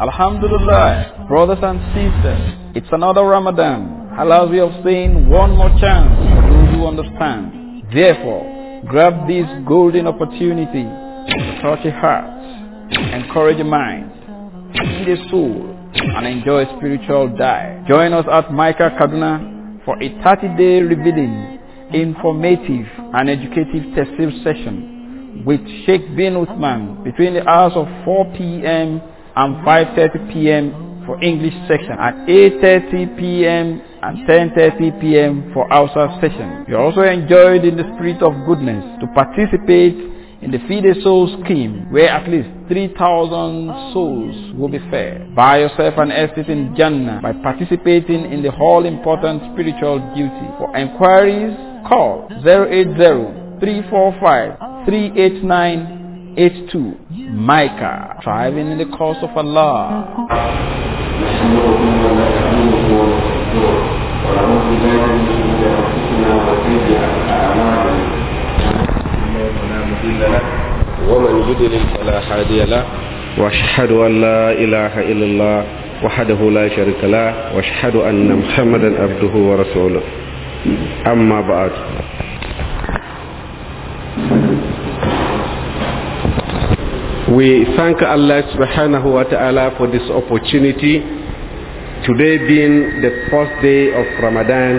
Alhamdulillah, brothers and sisters, it's another Ramadan. Allah we have seen one more chance for those who understand. Therefore, grab this golden opportunity to touch a heart, encourage a mind, feed a soul, and enjoy a spiritual diet. Join us at Micah Kaduna for a 30-day revealing, informative, and educative testing session with Sheikh bin Uthman between the hours of 4 p.m and 5.30 p.m. for English section, at 8.30 p.m. and 10.30 p.m. for Hausa session. You are also enjoyed in the spirit of goodness to participate in the Feed a Soul scheme, where at least 3,000 souls will be fed. Buy yourself an estate in Jannah by participating in the all important spiritual duty. For inquiries, call 080 345 389 82 Micah Thriving in the cause of Allah ومن يضلل فلا حادي له واشهد ان لا اله الا الله وحده لا شريك له واشهد ان محمدا عبده ورسوله اما بعد We thank Allah subhanahu wa ta'ala for this opportunity. Today being the first day of Ramadan,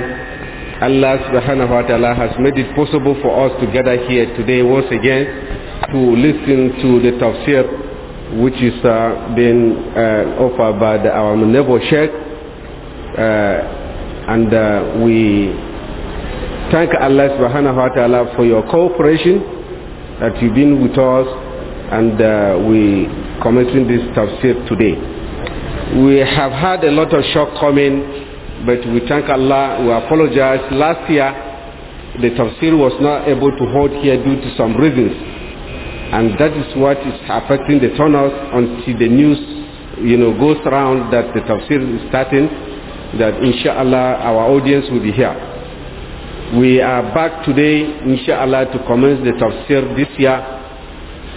Allah subhanahu wa ta'ala has made it possible for us to gather here today once again to listen to the tafsir which is uh, being uh, offered by the, our Nebo Sheikh. Uh, and uh, we thank Allah subhanahu wa ta'ala for your cooperation that you've been with us and uh, we commencing this tafsir today. We have had a lot of shortcoming, but we thank Allah. We apologize. Last year, the tafsir was not able to hold here due to some reasons, and that is what is affecting the turnout until the news, you know, goes around that the tafsir is starting. That inshallah our audience will be here. We are back today, inshallah, to commence the tafsir this year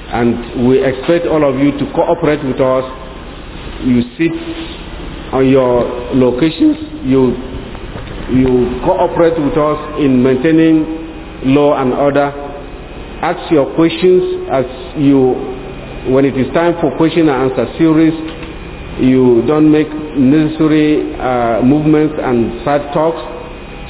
And we expect all of you to cooperate with us. You sit on your locations, you, you cooperate with us in maintaining law and order. Ask your questions as you when it is time for question and answer series, you don't make necessary uh, movements and side talks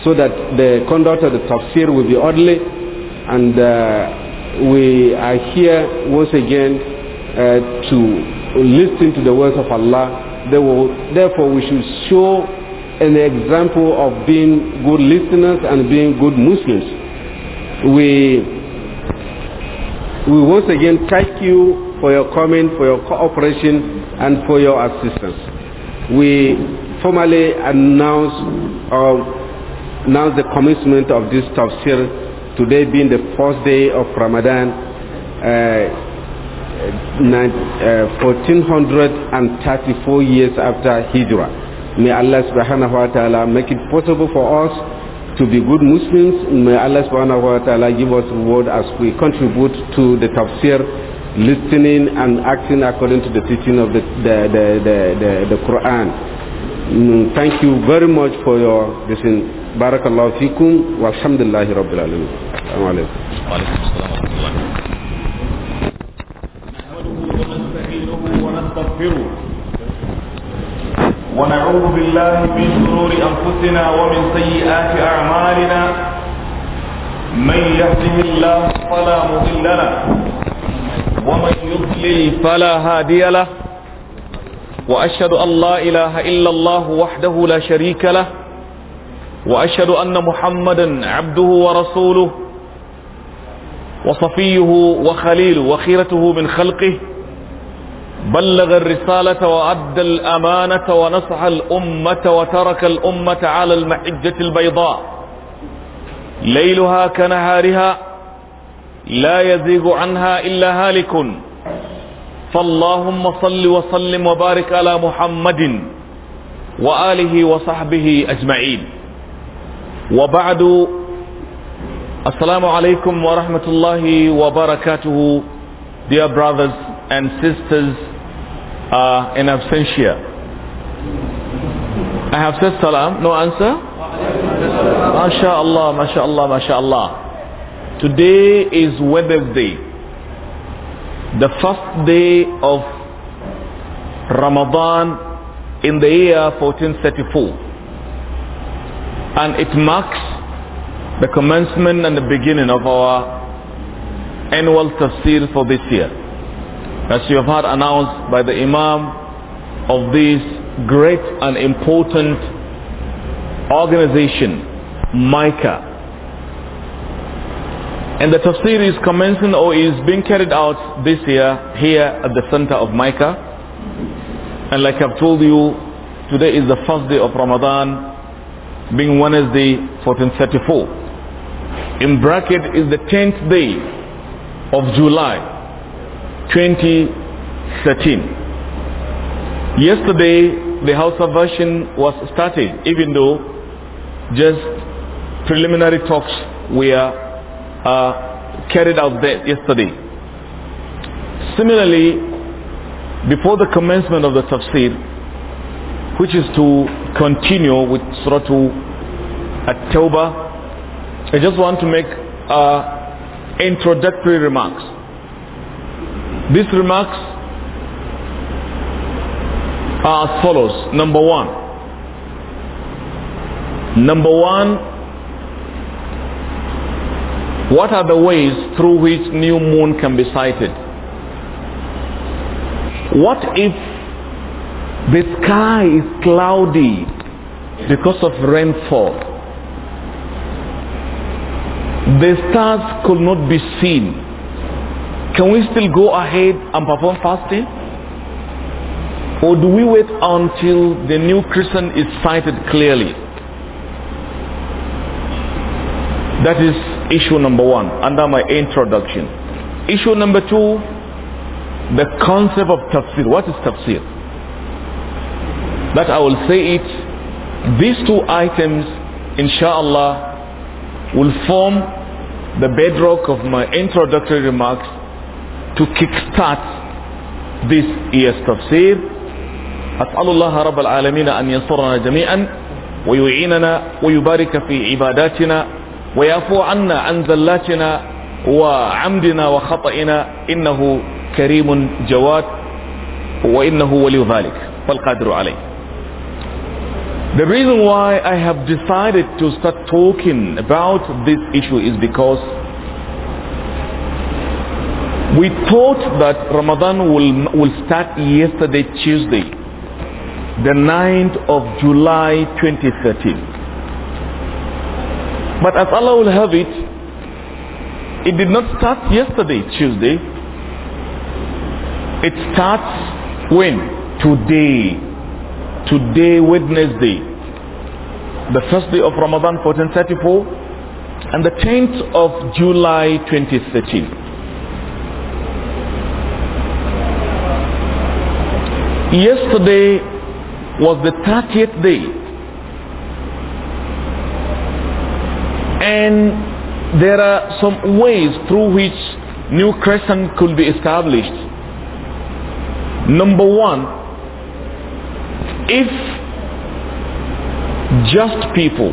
so that the conduct of the tafsir will be orderly and uh, we are here once again uh, to listen to the words of Allah. Therefore, we should show an example of being good listeners and being good Muslims. We, we once again thank you for your comment, for your cooperation, and for your assistance. We formally announce, uh, announce the commencement of this tafsir today being the first day of Ramadan, uh, uh, 1434 years after Hijrah. May Allah subhanahu wa ta'ala make it possible for us to be good Muslims. May Allah subhanahu wa ta'ala give us reward as we contribute to the tafsir, listening and acting according to the teaching of the, the, the, the, the Quran. Mm, thank you very much for your listening. بارك الله فيكم والحمد لله رب العالمين السلام عليكم وعليكم السلام ورحمة الله نحمده ونستعينه ونستغفره ونعوذ بالله من شرور أنفسنا ومن سيئات أعمالنا من يهده الله فلا مضل له ومن يضلل فلا هادي له وأشهد أن لا إله إلا الله وحده لا شريك له وأشهد أن محمدا عبده ورسوله وصفيه وخليله وخيرته من خلقه بلغ الرسالة وأدى الأمانة ونصح الأمة وترك الأمة على المحجة البيضاء ليلها كنهارها لا يزيغ عنها إلا هالك فاللهم صل وسلم وبارك على محمد وآله وصحبه أجمعين وبعد السلام عليكم ورحمة الله وبركاته dear brothers and sisters uh, in absentia I have said salam no answer MashaAllah MashaAllah MashaAllah today is Wednesday the first day of Ramadan in the year 1434 and it marks the commencement and the beginning of our annual tafsir for this year. As you have heard announced by the Imam of this great and important organization, Micah. And the tafsir is commencing or is being carried out this year here at the center of Micah. And like I've told you, today is the first day of Ramadan being Wednesday 1434. In bracket is the 10th day of July 2013. Yesterday the house of version was started even though just preliminary talks were uh, carried out there yesterday. Similarly, before the commencement of the tafsir, which is to continue with Surah At-Tawbah. I just want to make uh, introductory remarks. These remarks are as follows. Number one. Number one, what are the ways through which new moon can be sighted? What if the sky is cloudy because of rainfall. The stars could not be seen. Can we still go ahead and perform fasting? Or do we wait until the new Christian is sighted clearly? That is issue number one under my introduction. Issue number two, the concept of tafsir. What is tafsir? But I will say it. These two items, inshallah, will form the bedrock of my introductory remarks to kickstart this year's tafsir. أسأل الله رب العالمين أن ينصرنا جميعا ويعيننا ويبارك في عباداتنا ويعفو عنا عن زلاتنا وعمدنا وخطئنا إنه كريم جواد وإنه ولي ذلك والقادر عليه The reason why I have decided to start talking about this issue is because we thought that Ramadan will, will start yesterday, Tuesday, the 9th of July 2013. But as Allah will have it, it did not start yesterday, Tuesday. It starts when? Today, today Wednesday, the first day of Ramadan 1434 and the 10th of July 2013. Yesterday was the 30th day and there are some ways through which new crescent could be established. Number one, if just people,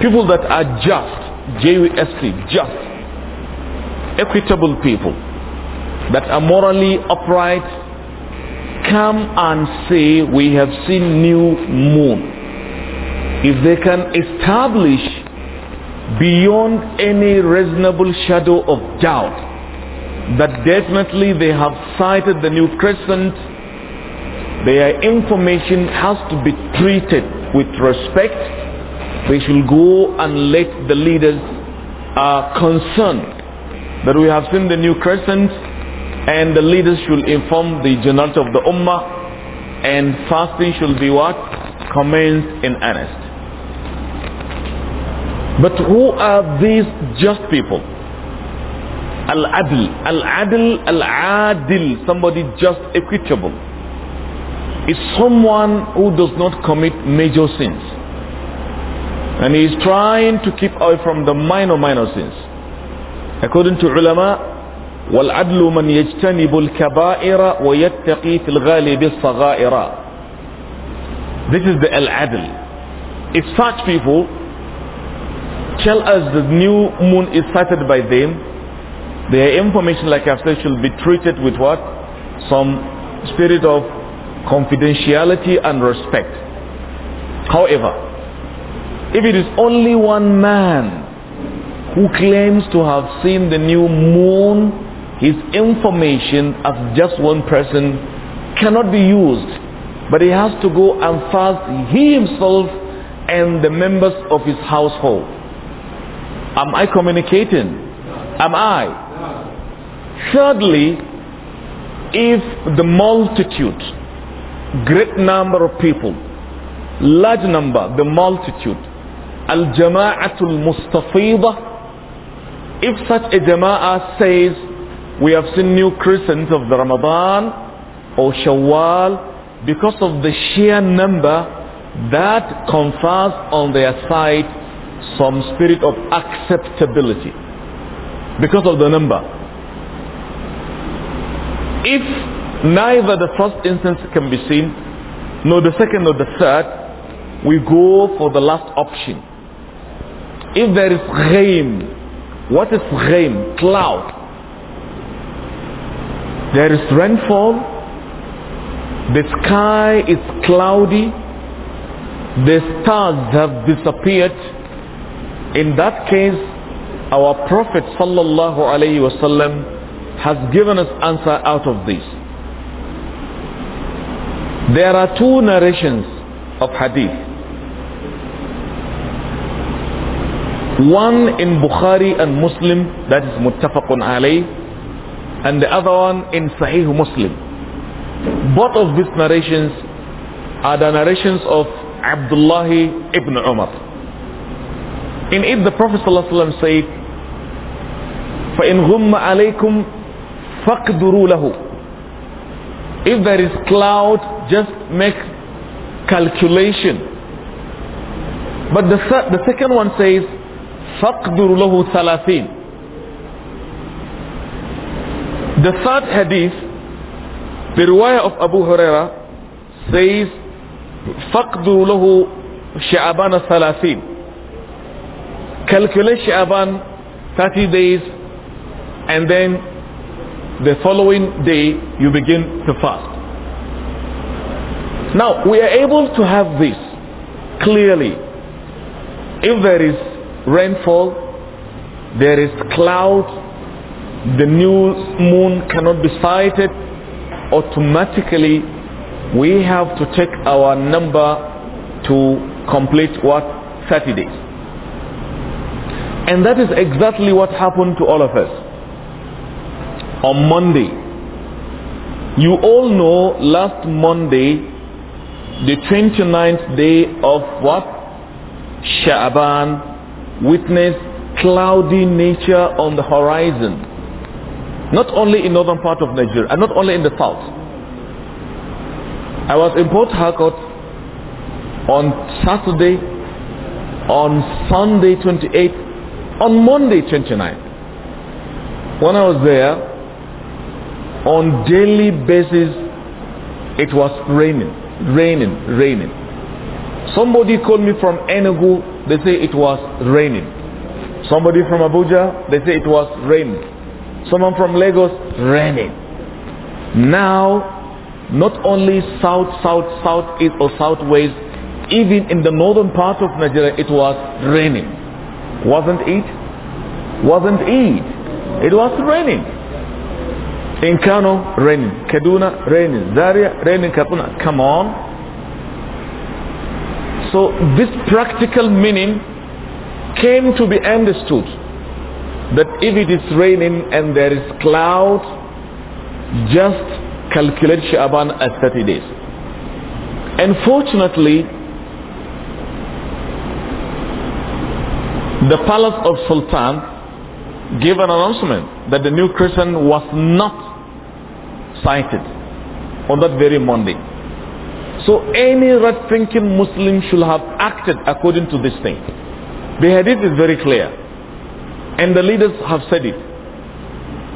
people that are just, J-U-S-T, just, equitable people, that are morally upright, come and say, we have seen new moon. If they can establish beyond any reasonable shadow of doubt that definitely they have sighted the new crescent their information has to be treated with respect. They should go and let the leaders are uh, concerned that we have seen the new crescent and the leaders should inform the general of the ummah and fasting should be what? Commenced in earnest. But who are these just people? al adil, al adil, Al-Adil, somebody just equitable is someone who does not commit major sins. And he is trying to keep away from the minor, minor sins. According to ulama, وَالْعَدْلُ مَنْ يَجْتَنِبُ الْكَبَائِرَ وَيَتَّقِي فِي الْغَالِبِ الصَّغَائِرَ This is the al-adl. If such people tell us the new moon is sighted by them, their information, like I've said, should be treated with what? Some spirit of confidentiality and respect. However, if it is only one man who claims to have seen the new moon, his information as just one person cannot be used. But he has to go and fast he himself and the members of his household. Am I communicating? Am I? Thirdly, if the multitude great number of people, large number, the multitude, al-jama'atul mustafidah, if such a jama'ah says, we have seen new christians of the Ramadan or Shawwal, because of the sheer number that confers on their side some spirit of acceptability because of the number. If neither the first instance can be seen, nor the second nor the third. We go for the last option. If there is rain, what is rain? Cloud. There is rainfall. The sky is cloudy. The stars have disappeared. In that case, our Prophet sallallahu alaihi wasallam has given us answer out of this. There are two narrations of hadith. One in Bukhari and Muslim, that is muttafaqun alay and the other one in Sahih Muslim. Both of these narrations are the narrations of Abdullah ibn Umar. In it the Prophet ﷺ said, فَإِنْ غُمَّ عَلَيْكُمْ فَاقْدُرُوا لَهُ If there is cloud just make calculation. But the, the second one says, فَقْدُرُ لَهُ ثَلَاثِينَ The third hadith, the riwayah of Abu Huraira says, فَقْدُرُ لَهُ شَعَبَانَ ثَلَاثِينَ Calculate Sha'aban 30 days and then the following day you begin to fast. Now, we are able to have this clearly. If there is rainfall, there is cloud, the new moon cannot be sighted, automatically we have to check our number to complete what? 30 days. And that is exactly what happened to all of us. On Monday, you all know last Monday the 29th day of what? Sha'aban witnessed cloudy nature on the horizon. Not only in northern part of Nigeria and not only in the south. I was in Port Harcourt on Saturday, on Sunday 28th, on Monday 29th. When I was there, on daily basis, it was raining raining, raining. Somebody called me from Enugu, they say it was raining. Somebody from Abuja, they say it was raining. Someone from Lagos, raining. Now, not only south, south, south east or southwest, even in the northern part of Nigeria, it was raining. Wasn't it? Wasn't it? It was raining. In Kano, raining. Kaduna, raining. Zaria, raining. Kapuna. Come on. So this practical meaning came to be understood that if it is raining and there is cloud, just calculate Shaban as 30 days. Unfortunately, the palace of Sultan gave an announcement that the new Christian was not cited on that very Monday. So any right thinking Muslim should have acted according to this thing. The hadith is very clear. And the leaders have said it.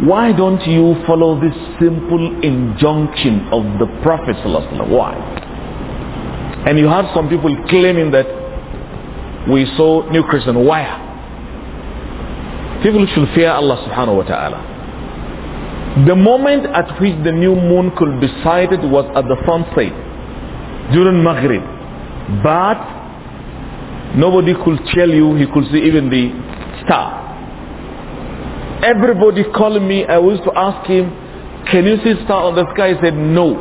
Why don't you follow this simple injunction of the Prophet Why? And you have some people claiming that we saw new Christian Why? People should fear Allah subhanahu wa ta'ala. The moment at which the new moon could be sighted was at the sunset during Maghrib. But nobody could tell you he could see even the star. Everybody called me. I used to ask him, can you see star on the sky? He said, no.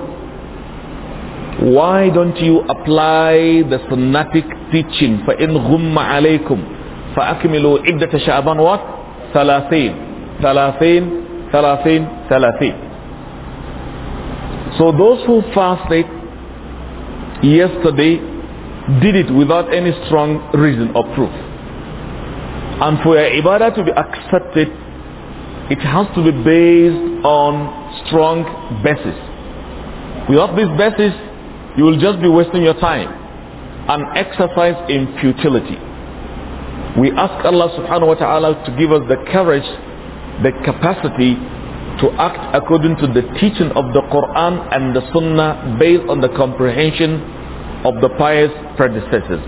Why don't you apply the sunnatic teaching? فَإِنْ غُمَّ عَلَيْكُمْ فَأَكْمِلُوا عِدَّةَ شَعْبَانُ what? ثَلَاثِينَ ثَلَاثِينَ Thalathin, Thalathin. So those who fasted yesterday did it without any strong reason or proof. And for your ibadah to be accepted, it has to be based on strong basis. Without this basis, you will just be wasting your time and exercise in futility. We ask Allah subhanahu wa ta'ala to give us the courage the capacity to act according to the teaching of the Quran and the Sunnah based on the comprehension of the pious predecessors.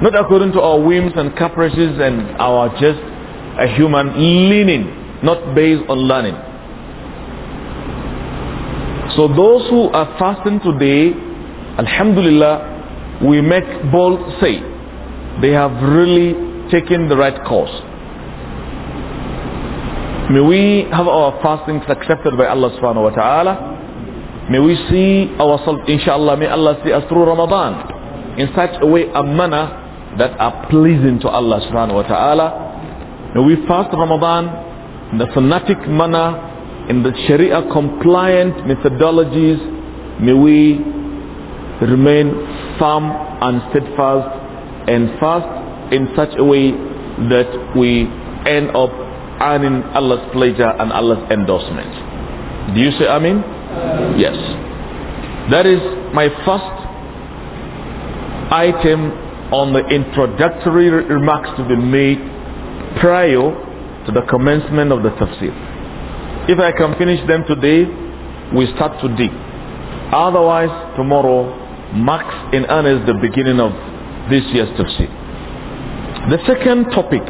Not according to our whims and caprices and our just a human leaning, not based on learning. So those who are fasting today, Alhamdulillah, we make bold say they have really taken the right course. May we have our fastings accepted by Allah subhanahu wa ta'ala. May we see ourselves, inshallah, may Allah see us through Ramadan in such a way, a manner that are pleasing to Allah subhanahu wa ta'ala. May we fast Ramadan in the fanatic manner, in the Sharia compliant methodologies. May we remain firm and steadfast and fast in such a way that we end up earning Allah's pleasure and Allah's endorsement. Do you say Amin? Amen. Yes. That is my first item on the introductory remarks to be made prior to the commencement of the tafsir. If I can finish them today, we start to dig. Otherwise, tomorrow marks in earnest the beginning of this year's tafsir. The second topic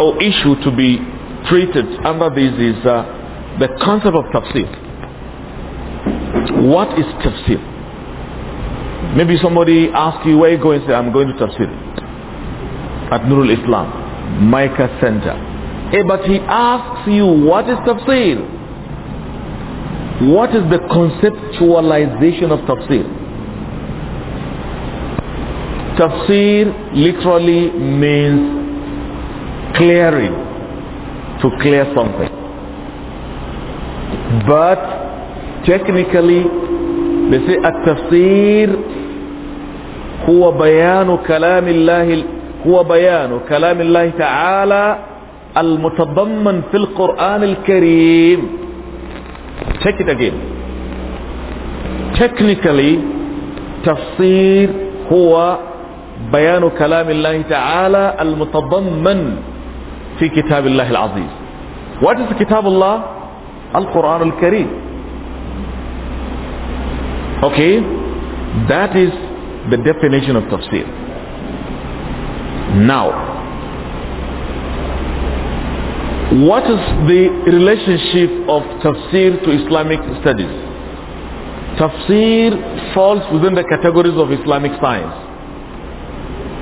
or issue to be treated under this is uh, the concept of tafsir. What is tafsir? Maybe somebody asks you, where you going? Say, I'm going to tafsir. At Nurul Islam, Micah Center. Hey, but he asks you, what is tafsir? What is the conceptualization of tafsir? Tafsir literally means clearing to clear something. But technically they say التفسير هو بيان كلام الله هو بيان كلام الله تعالى المتضمن في القرآن الكريم check it again technically تفسير هو بيان كلام الله تعالى المتضمن في كتاب الله العظيم What is كتاب الله? القرآن الكريم Okay That is the definition of تفسير Now What is the relationship of تفسير to Islamic studies? تفسير falls within the categories of Islamic science.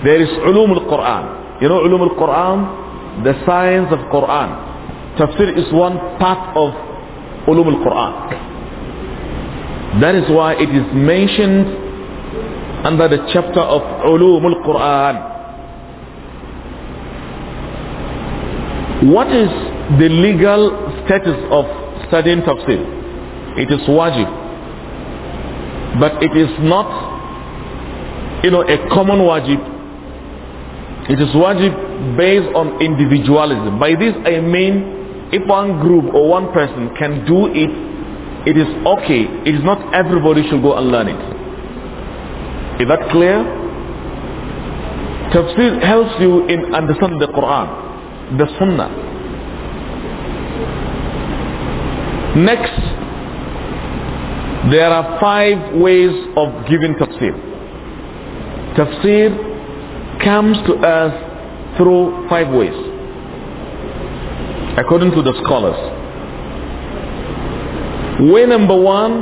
There is علوم القرآن You know ulum al-Quran? the science of Quran. Tafsir is one part of ulum al-Quran. That is why it is mentioned under the chapter of ulum al-Quran. What is the legal status of studying tafsir? It is wajib. But it is not, you know, a common wajib. It is wajib based on individualism. By this I mean if one group or one person can do it, it is okay. It is not everybody should go and learn it. Is that clear? Tafsir helps you in understanding the Quran, the Sunnah. Next, there are five ways of giving tafsir. Tafsir comes to us through five ways according to the scholars way number one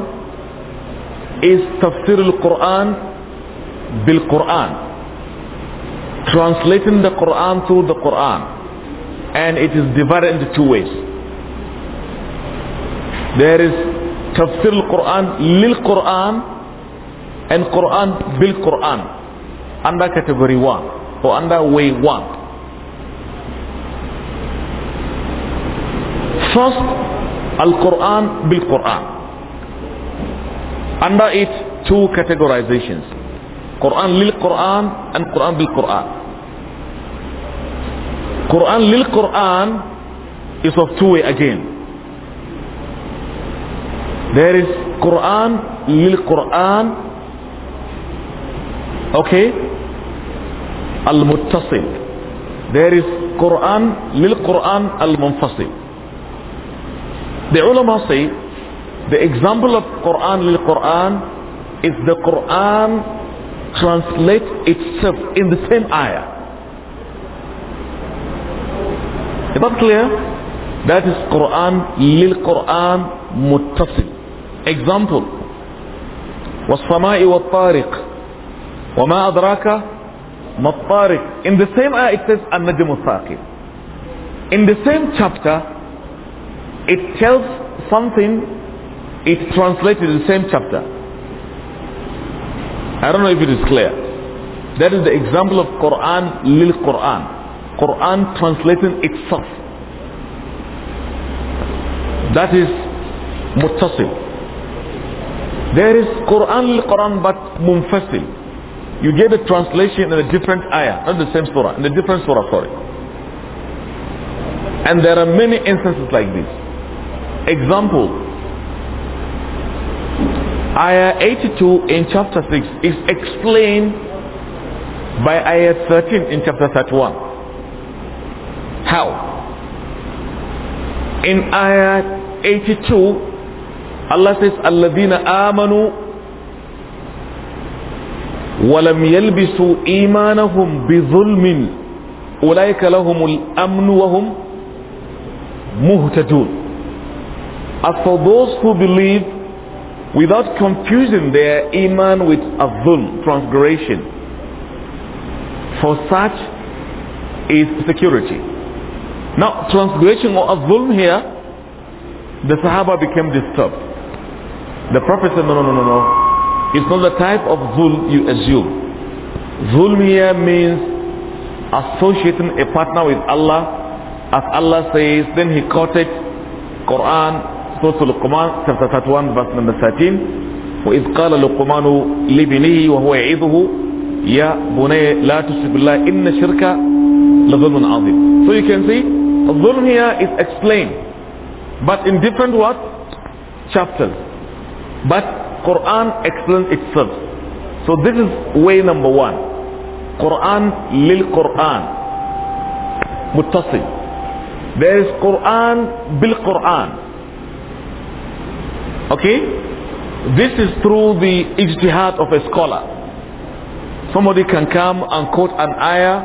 is tafsir al-Quran bil-Quran translating the Quran through the Quran and it is divided into two ways there is tafsir al-Quran lil-Quran and Quran bil Quran under category one or under way one. احفظ القرآن بالقرآن under it two categorizations قرآن للقرآن and قرآن بالقرآن قرآن للقرآن is of two way again there is قرآن للقرآن okay المتصل there is قرآن للقرآن المنفصل The ulama say the example of Quran lil Quran is the Quran translates itself in the same ayah. Is that clear? That is Quran lil Quran muttasil. Example. والسماء والطارق وما أدراك ما الطارق in the same ayah it says النجم الثاقب in the same chapter it tells something It translated in the same chapter. I don't know if it is clear. That is the example of Quran lil Quran. Quran translating itself. That is muttasil. There is Quran lil Quran but mumfasil. You get a translation in a different ayah, not the same surah, in a different surah, sorry. And there are many instances like this. example, Ayah 82 in chapter 6 is explained by Ayah 13 in chapter 31. How? In Ayah 82, Allah says, الَّذِينَ آمَنُوا ولم يلبسوا إيمانهم بظلم أولئك لهم الأمن وهم مهتدون As for those who believe without confusing their iman with azul, transgression, for such is security. Now, transgression or azul here, the Sahaba became disturbed. The Prophet said, no, no, no, no, no. It's not the type of zulm you assume. Zulm here means associating a partner with Allah. As Allah says, then he quoted Quran سورة لقمان chapter 31 verse number 13 وإذ قال لقمان لبنيه وهو يعيده يا بني لا تشرك بالله إن الشرك لظلم عظيم so you can see الظلم here is explained but in different what chapters but Quran explains itself so this is way number one Quran lil Quran متصل there is Quran بالقرآن Okay? This is through the ijtihad of a scholar. Somebody can come and quote an ayah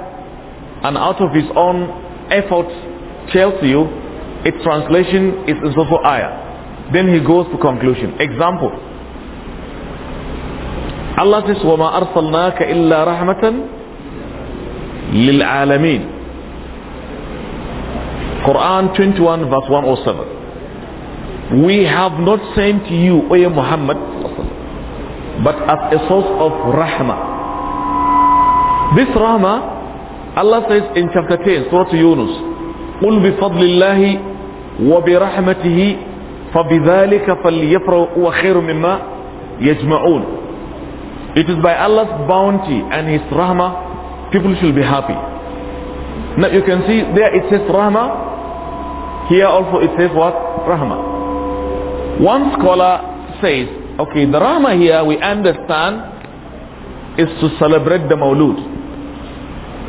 and out of his own efforts tells you its translation is also ayah. Then he goes to conclusion. Example. Allah says, وَمَا أَرْسَلْنَاكَ إِلَّا رَحْمَةً لِلْعَالَمِينَ Quran 21 verse 107. we have not sent you O Muhammad but as a source of rahmah this rahmah Allah says in chapter 10 surah Yunus قل بفضل الله وبرحمته فبذلك فليفرحوا وخير مما يجمعون It is by Allah's bounty and His rahmah, people should be happy. Now you can see there it says rahmah, here also it says what? Rahmah. One scholar says, okay, the Rama here we understand is to celebrate the Mawlud.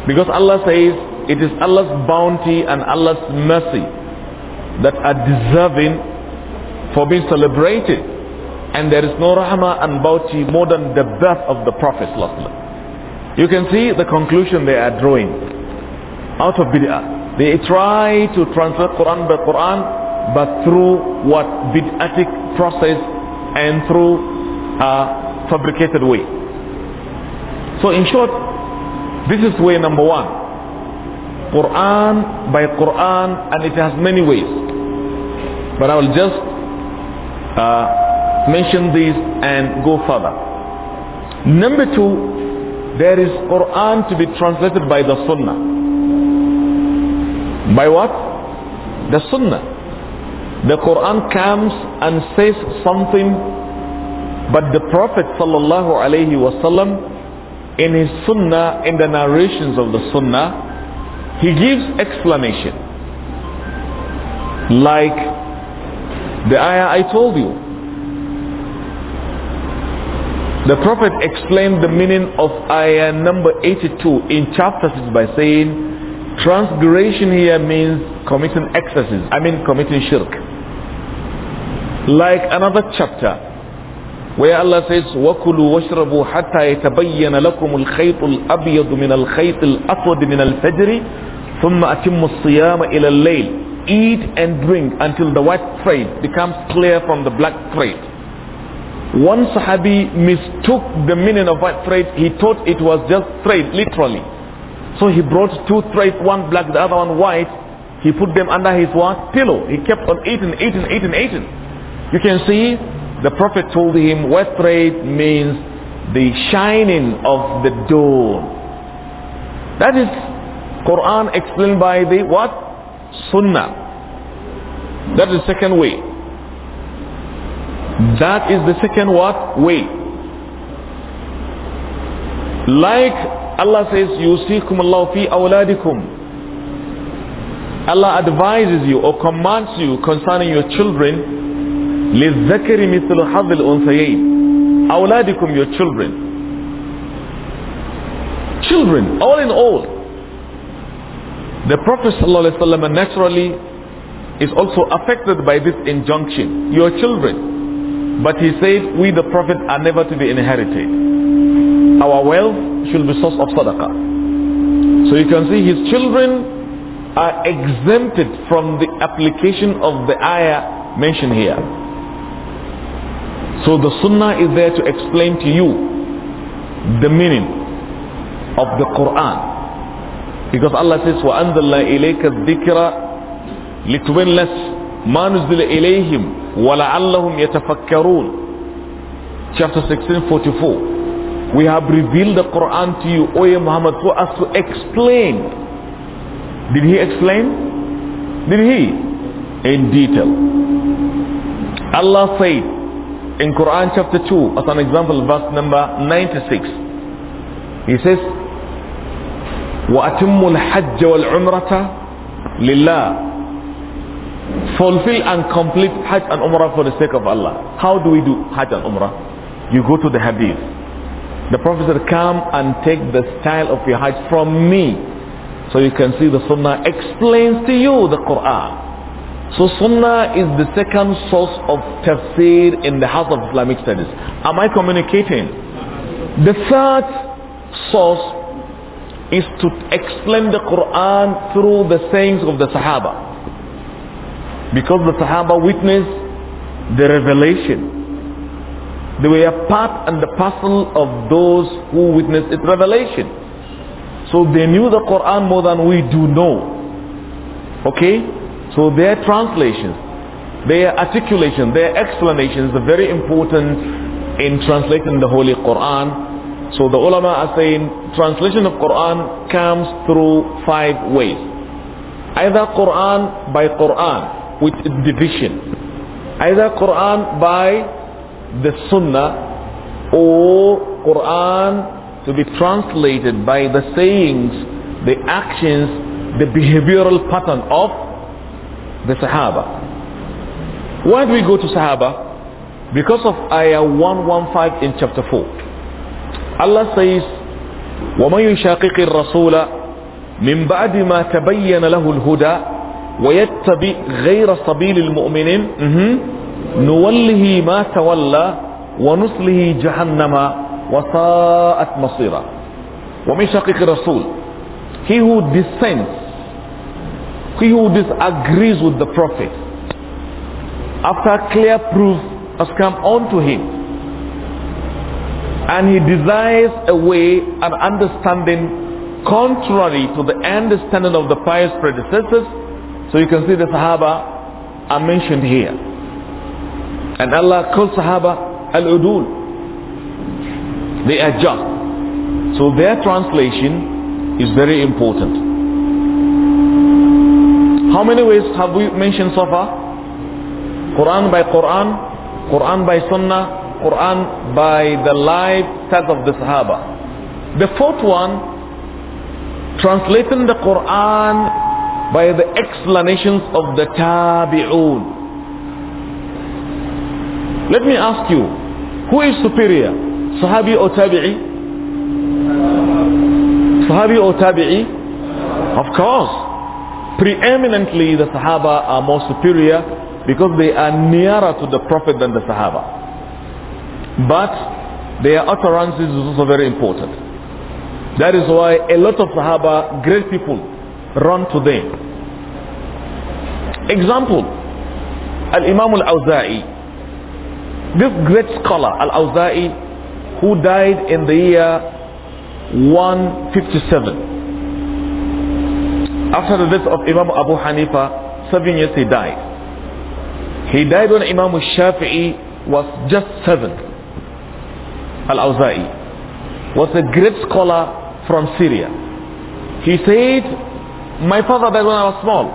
Because Allah says it is Allah's bounty and Allah's mercy that are deserving for being celebrated. And there is no Rahmah and bounty more than the birth of the Prophet. You can see the conclusion they are drawing out of bid'ah. They try to translate Quran by Quran but through what bid'atic process and through a fabricated way. So in short, this is way number one. Quran by Quran and it has many ways. But I will just uh, mention these and go further. Number two, there is Quran to be translated by the Sunnah. By what? The Sunnah. The Quran comes and says something, but the Prophet sallallahu wasallam, in his Sunnah, in the narrations of the Sunnah, he gives explanation. Like the ayah I told you. The Prophet explained the meaning of ayah number 82 in chapter 6 by saying, transgression here means committing excesses, I mean committing shirk like another chapter where Allah says وَكُلُوا وَاشْرَبُوا حَتَّى يَتَبَيَّنَ لَكُمُ الْخَيْطُ الْأَبْيَضُ مِنَ الْخَيْطِ الْأَسْوَدِ مِنَ الْفَجْرِ ثُمَّ أَتِمُّ الصِّيَامَ إِلَى اللَّيْلِ Eat and drink until the white thread becomes clear from the black thread. One Sahabi mistook the meaning of white thread. He thought it was just thread, literally. So he brought two threads, one black, the other one white. He put them under his what? Pillow. He kept on eating, eating, eating, eating. You can see the prophet told him Wethrate means the shining of the dawn. That is Quran explained by the what? Sunnah. That is the second way. That is the second what? Way. Like Allah says, Yusikum Allah fi awladikum. Allah advises you or commands you concerning your children لِلذَّكَرِ مِثْلُ حَظِّ الْأُنْثَيَيْنِ أولادكم your children children all in all the Prophet ﷺ naturally is also affected by this injunction your children but he said we the Prophet are never to be inherited our wealth should be source of sadaqah so you can see his children are exempted from the application of the ayah mentioned here So the sunnah is there to explain to you the meaning of the Quran. Because Allah says, وَأَنزَلْنَا إِلَيْكَ الذِّكْرَ لِتُبِنْ لَسْ مَا نُزِّلَ إِلَيْهِمْ وَلَعَلَّهُمْ يَتَفَكَّرُونَ Chapter 16, 44. We have revealed the Quran to you, O ye Muhammad, so as to explain. Did he explain? Did he? In detail. Allah said, in Quran chapter 2 as an example verse number 96 he says وَأَتِمُّ الْحَجَّ وَالْعُمْرَةَ لِلَّهِ fulfill and complete Hajj and Umrah for the sake of Allah how do we do Hajj and Umrah you go to the Hadith the Prophet said come and take the style of your Hajj from me so you can see the Sunnah explains to you the Quran so Sunnah is the second source of tafsir in the house of Islamic studies. Am I communicating? The third source is to explain the Quran through the sayings of the Sahaba. Because the Sahaba witnessed the revelation. They were a part and the parcel of those who witnessed its revelation. So they knew the Quran more than we do know. Okay? So their translations, their articulation, their explanations are very important in translating the Holy Quran. So the ulama are saying translation of Quran comes through five ways. Either Quran by Quran with division. Either Quran by the Sunnah or Quran to be translated by the sayings, the actions, the behavioral pattern of the Sahaba. Why do we go to Sahaba? Because of ayah 115 in chapter 4. Allah says, وَمَنْ يُشَاقِقِ الرَّسُولَ مِنْ بَعْدِ مَا تَبَيَّنَ لَهُ الْهُدَى الْهُدَى غَيْرَ غَيْرَ الْمُؤْمِنِينَ الْمُؤْمِنِينَ mm-hmm. نُوَلِّهِ مَا تَوَلَّى وَنُسْلِهِ جهنم وساءت مصيرا ومن شقيق الرسول he who dissents He who disagrees with the Prophet, after clear proof has come to him, and he desires a way, of understanding contrary to the understanding of the pious predecessors, so you can see the Sahaba are mentioned here. And Allah calls Sahaba Al-Udul. They are just. So their translation is very important. How many ways have we mentioned so far? Quran by Quran, Quran by Sunnah, Quran by the lifestyle of the Sahaba. The fourth one, translating the Quran by the explanations of the Tabi'un. Let me ask you, who is superior, Sahabi or Tabi'i? Sahabi or Tabi'i? Of course preeminently the Sahaba are more superior because they are nearer to the Prophet than the Sahaba. But their utterances is also very important. That is why a lot of Sahaba, great people, run to them. Example, Al-Imam Al-Awza'i, this great scholar, Al-Awza'i, who died in the year 157 after the death of Imam Abu Hanifa, seven years he died. He died when Imam Shafi'i was just seven. Al-Awza'i was a great scholar from Syria. He said, my father died when I was small.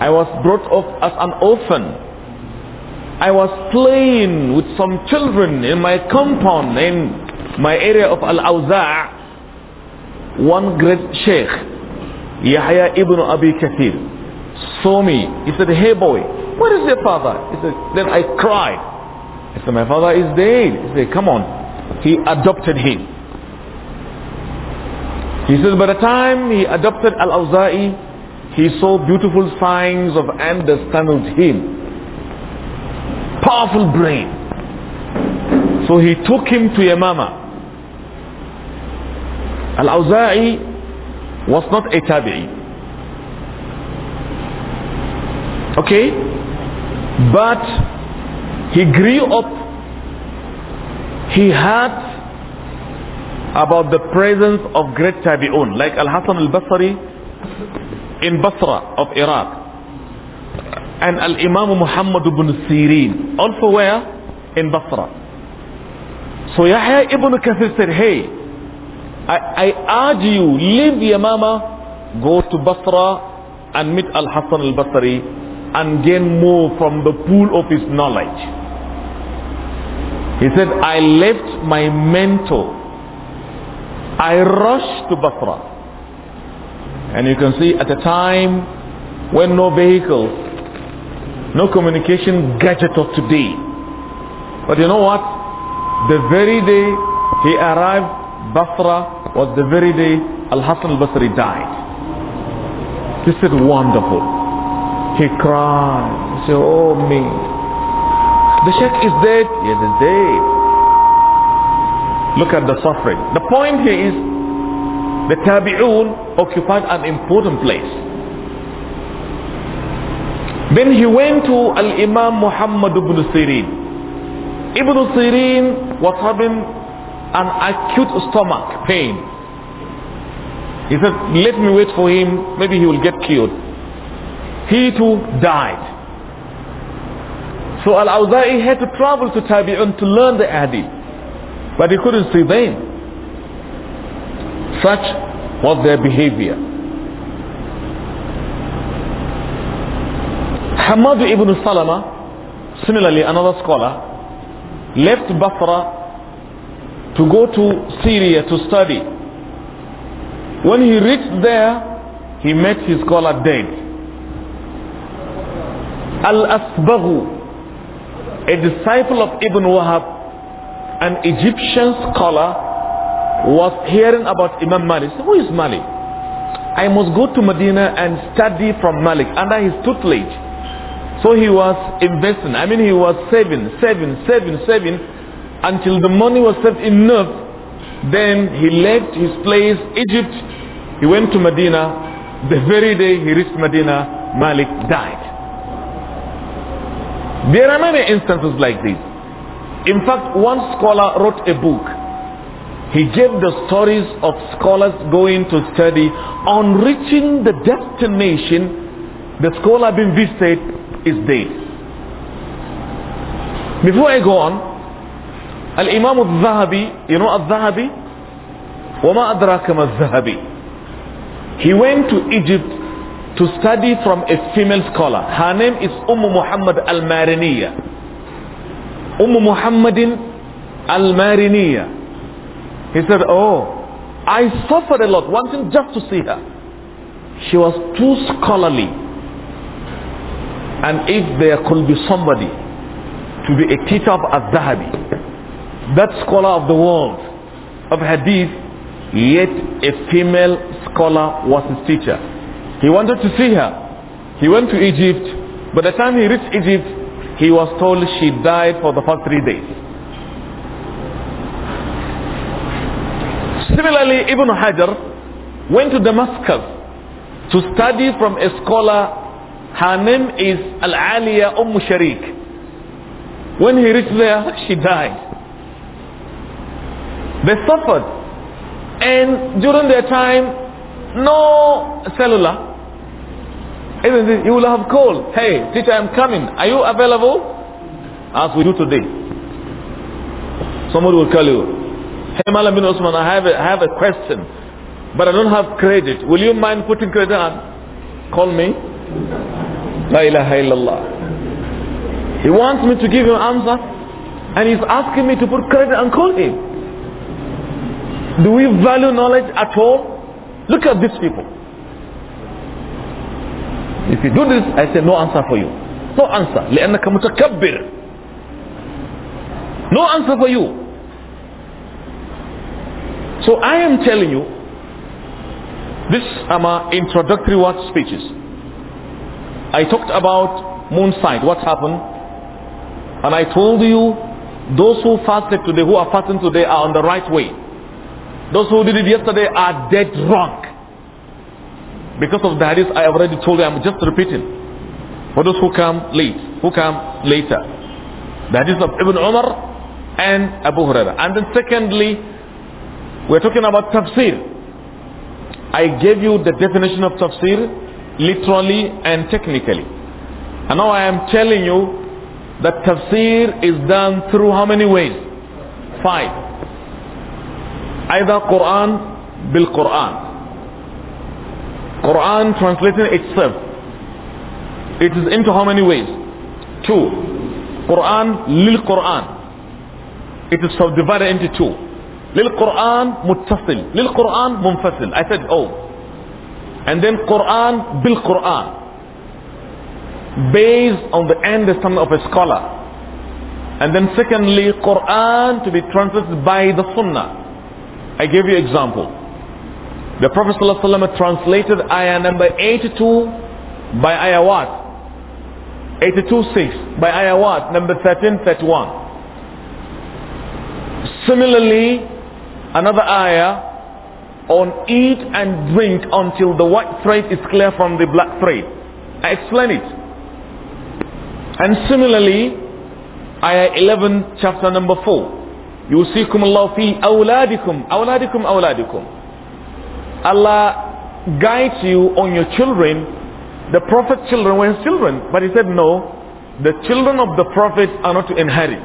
I was brought up as an orphan. I was playing with some children in my compound in my area of Al-Awza' one great sheikh Yahya ibn Abi Kathir saw me. He said, hey boy, where is your father? He said, then I cried. I said, my father is dead. He said, come on. He adopted him. He says, by the time he adopted Al-Awza'i, he saw beautiful signs of understanding him. Powerful brain. So he took him to Yamama. Al-Awza'i was not a tabi'i. Okay? But he grew up, he had about the presence of great tabi'un, like Al-Hasan al-Basri in Basra of Iraq. And Al-Imam Muhammad ibn Sirin, also where? In Basra. So Yahya ibn Kathir said, hey, I, I urge you, leave Yamama, go to Basra and meet Al-Hassan al-Basri and gain more from the pool of his knowledge. He said, I left my mentor. I rushed to Basra. And you can see at a time when no vehicle, no communication gadget of today. But you know what? The very day he arrived, Basra was the very day Al-Hassan al-Basri died. This is wonderful. He cried. He said, oh me. The Sheikh is dead. Yes, he's dead. Look at the suffering. The point here is the Tabi'un occupied an important place. Then he went to Al-Imam Muhammad ibn Sirin. Ibn Sirin was having an acute stomach pain. He said, let me wait for him. Maybe he will get cured. He too died. So Al-Awza'i had to travel to Tabi'un to learn the hadith. But he couldn't see them. Such was their behavior. Hamad ibn Salama, similarly another scholar, left Basra to go to Syria to study. When he reached there, he met his scholar dead. al Asbagh, a disciple of Ibn Wahab, an Egyptian scholar, was hearing about Imam Malik. Who is Malik? I must go to Medina and study from Malik under his tutelage. So he was investing. I mean, he was saving, saving, saving, saving until the money was set enough. Then he left his place, Egypt. He went to Medina. The very day he reached Medina, Malik died. There are many instances like this. In fact, one scholar wrote a book. He gave the stories of scholars going to study. On reaching the destination, the scholar being visited is dead. Before I go on, Al-Imam al-Zahabi, you know al-Zahabi? وَمَا أَدْرَاكَ مَا zahabi He went to Egypt to study from a female scholar. Her name is Umm Muhammad al-Mariniya. Umm Muhammadin al-Mariniya. He said, oh, I suffered a lot wanting just to see her. She was too scholarly. And if there could be somebody to be a teacher of Al-Zahabi, that scholar of the world of hadith, yet a female scholar was his teacher. He wanted to see her. He went to Egypt. By the time he reached Egypt, he was told she died for the first three days. Similarly, Ibn Hajar went to Damascus to study from a scholar. Her name is Al-Aliya Umm Sharik. When he reached there, she died. They suffered. And during their time, no cellular. Isn't it? You will have called, hey, teacher, I'm coming. Are you available? As we do today. Somebody will call you, hey, Malam bin Osman, I have, a, I have a question, but I don't have credit. Will you mind putting credit on? Call me. La ilaha illallah. He wants me to give him answer, and he's asking me to put credit and call him. Do we value knowledge at all? Look at these people. If you do this, I say no answer for you. No answer. No answer for you. So I am telling you, This are my introductory word speeches. I talked about moon sight, what happened. And I told you, those who fasted today, who are fasting today, are on the right way. Those who did it yesterday are dead wrong. Because of the hadith I already told you, I'm just repeating. For those who come late, who come later. The hadith of Ibn Umar and Abu Huraira. And then secondly, we're talking about tafsir. I gave you the definition of tafsir literally and technically. And now I am telling you that tafsir is done through how many ways? Five. Either Quran, Bil Quran. Quran translating itself. It is into how many ways? Two. Quran, Lil Quran. It is subdivided into two. Lil Quran, Muttasil. Lil Quran, Munfasil. I said, oh. And then Quran, Bil Quran based on the understanding of a scholar. And then secondly, Quran to be translated by the Sunnah. I give you example. The Prophet ﷺ translated ayah number 82 by ayah what? 82.6 by ayah what? Number 13.31. Similarly, another ayah on eat and drink until the white thread is clear from the black thread. I explain it. And similarly, ayah 11 chapter number 4. يوصيكم الله في أولادكم أولادكم أولادكم Allah guides you on your children the prophet's children were his children but he said no the children of the prophet are not to inherit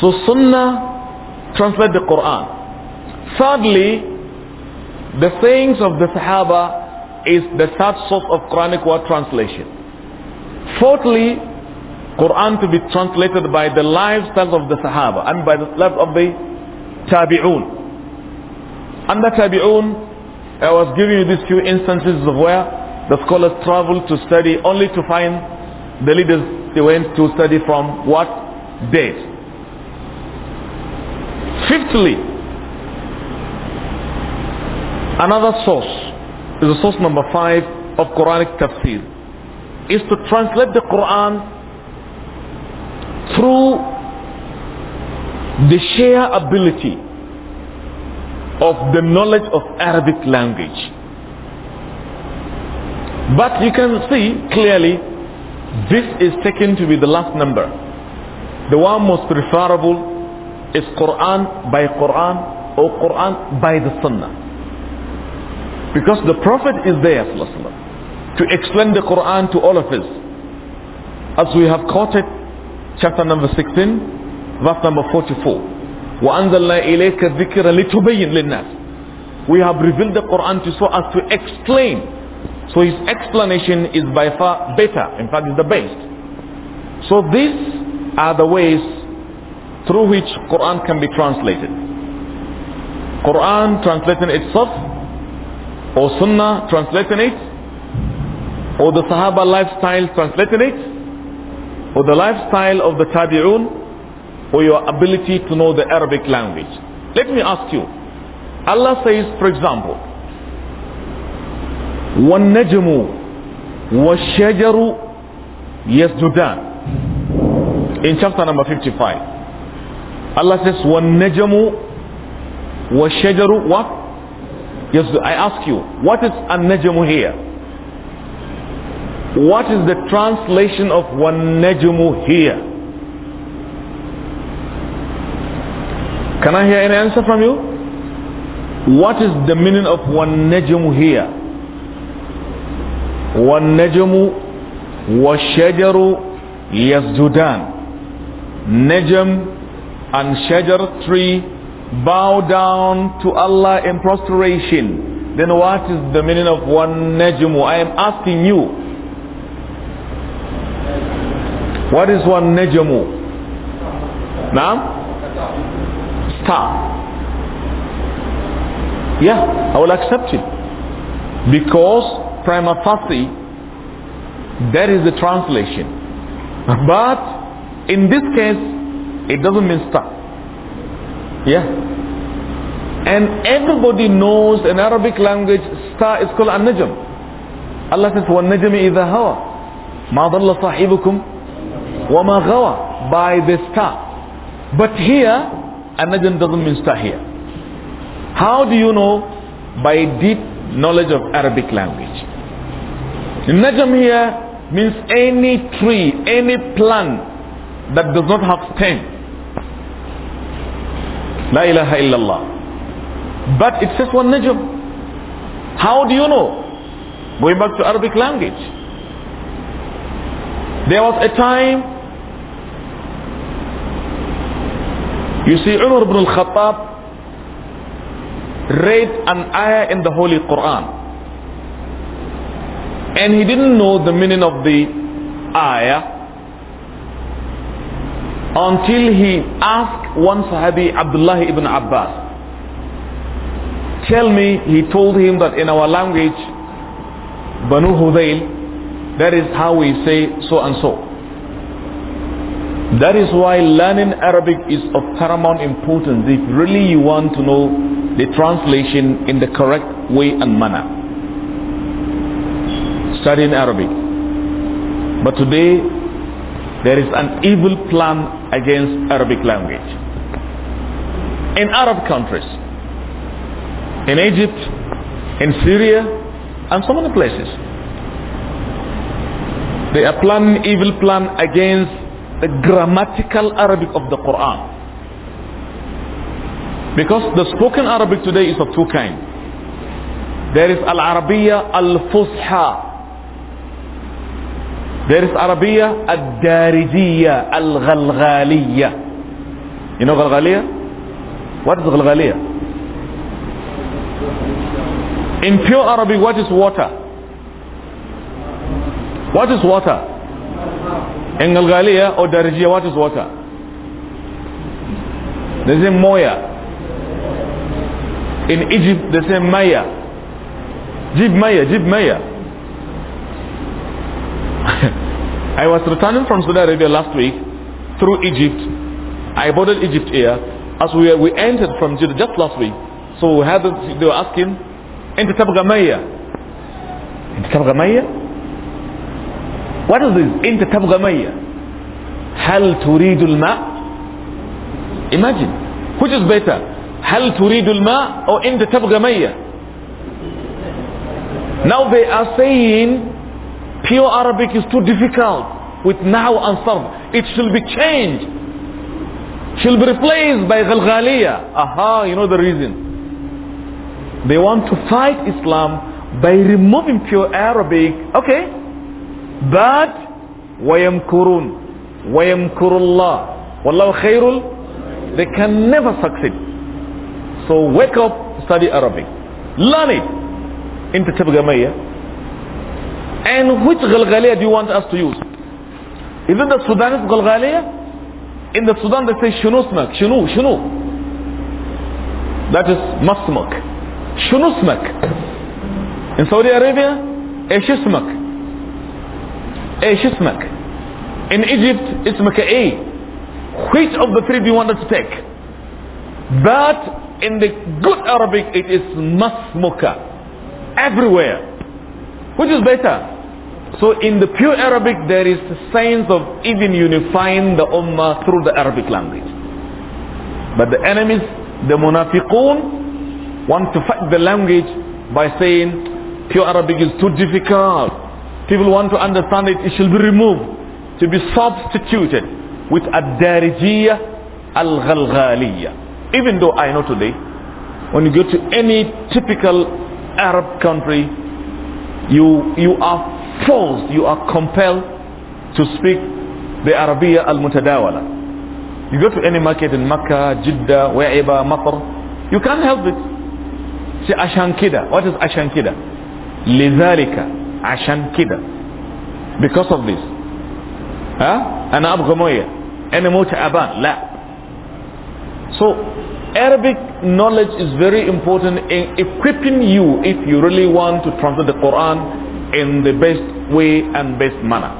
so sunnah translate the Quran thirdly the sayings of the Sahaba is the third source of Quranic word translation fourthly Quran to be translated by the lifestyles of the Sahaba and by the lives of the Tabi'un. Under Tabi'un, I was giving you these few instances of where the scholars traveled to study only to find the leaders they went to study from what date. Fifthly, another source is the source number five of Quranic tafsir is to translate the Quran through the sheer ability of the knowledge of Arabic language. But you can see clearly this is taken to be the last number. The one most preferable is Quran by Quran or Quran by the Sunnah. Because the Prophet is there to explain the Quran to all of us. As we have quoted chapter number 16, verse number 44. وَأَنزَلْنَا إِلَيْكَ الذِّكْرَ لِتُبَيِّنْ لِلنَّاسِ We have revealed the Quran to so as to explain. So his explanation is by far better. In fact, it's the best. So these are the ways through which Quran can be translated. Quran translating itself, or Sunnah translating it, or the Sahaba lifestyle translating it, or the lifestyle of the tabi'un or your ability to know the Arabic language. Let me ask you. Allah says, for example, وَالنَّجْمُ وَالشَّجَرُ يَسْجُدَانِ In chapter number 55, Allah says, وَالنَّجْمُ وَالشَّجَرُ What? Yes, I ask you, what a an-najmu here? What is the translation of one Wannajmu here? Can I hear any answer from you? What is the meaning of one Wannajmu here? One was والشجر يسجدان Najm and Shajar tree bow down to Allah in prostration. Then what is the meaning of one Najmu? I am asking you, what is one najamu? Naam? Star. Yeah, I will accept it. Because prima facie, that is the translation. But in this case, it doesn't mean star. Yeah. And everybody knows in Arabic language, star is called an-najm. Allah says, وَالنَّجْمِ is هَوَى مَا ضَلَّ صَاحِبُكُمْ وَمَا غَوَى by the star. But here, anajam doesn't mean star here. How do you know? By deep knowledge of Arabic language. Anajam here means any tree, any plant that does not have stem. La ilaha illallah. But it says one anajam. How do you know? Going back to Arabic language. There was a time You see, Umar ibn al-Khattab read an ayah in the Holy Quran. And he didn't know the meaning of the ayah until he asked one Sahabi, Abdullah ibn Abbas, tell me, he told him that in our language, Banu Hudayl, that is how we say so and so. That is why learning Arabic is of paramount importance if really you want to know the translation in the correct way and manner. Studying Arabic. But today, there is an evil plan against Arabic language. In Arab countries, in Egypt, in Syria, and some other places, they are planning evil plan against the grammatical Arabic of the Quran. Because the spoken Arabic today is of two kinds. There is Al-Arabiya Al-Fusha. There is Arabiya Al-Darijiyya Al-Ghalghaliya. You know Ghalghaliya? What is Ghalghaliya? In pure Arabic, what is water? What is water? In or Darija, what is water? They say Moya. In Egypt, they say Maya. Jib Maya, Jib Maya. I was returning from Saudi Arabia last week through Egypt. I boarded Egypt Air as we, we entered from Jeddah just last week. So we had, they were asking, Enter Maya?" Enter Maya? What is this? أنت تبغى مية هل تريد الماء Imagine Which is better هل تريد الماء or أنت تبغى مية Now they are saying pure Arabic is too difficult with now and sarf. It shall be changed. Shall be replaced by ghalghaliya. Aha, you know the reason. They want to fight Islam by removing pure Arabic. Okay, but وَيَمْكُرُونَ وَيَمْكُرُ اللَّهُ وَاللَّهُ خَيْرُ They can never succeed. So wake up, study Arabic. Learn it. انت تبقى مية And which غلغالية do you want us to use? Is it the Sudanese غلغالية In the Sudan they say شنو سمك شنو شنو That is شنو سمك In Saudi Arabia, ايش سمك ايش اسمك in Egypt اسمك ايه which of the three do you want to take but in the good Arabic it is masmuka everywhere which is better so in the pure Arabic there is the sense of even unifying the ummah through the Arabic language but the enemies the munafiqun want to fight the language by saying pure Arabic is too difficult people want to understand it, it shall be removed to be substituted with Ad-Darijiyah Al-Ghalghaliyah. Even though I know today, when you go to any typical Arab country, you, you are forced, you are compelled to speak the Arabiyya Al-Mutadawala. You go to any market in Mecca, Jeddah, Wa'iba, Matar, you can't help it. See, Ashankida. What is Ashankida? لذلك عشان كده because of this ها انا ابغى مويه انا موت ابان لا so Arabic knowledge is very important in equipping you if you really want to translate the Quran in the best way and best manner.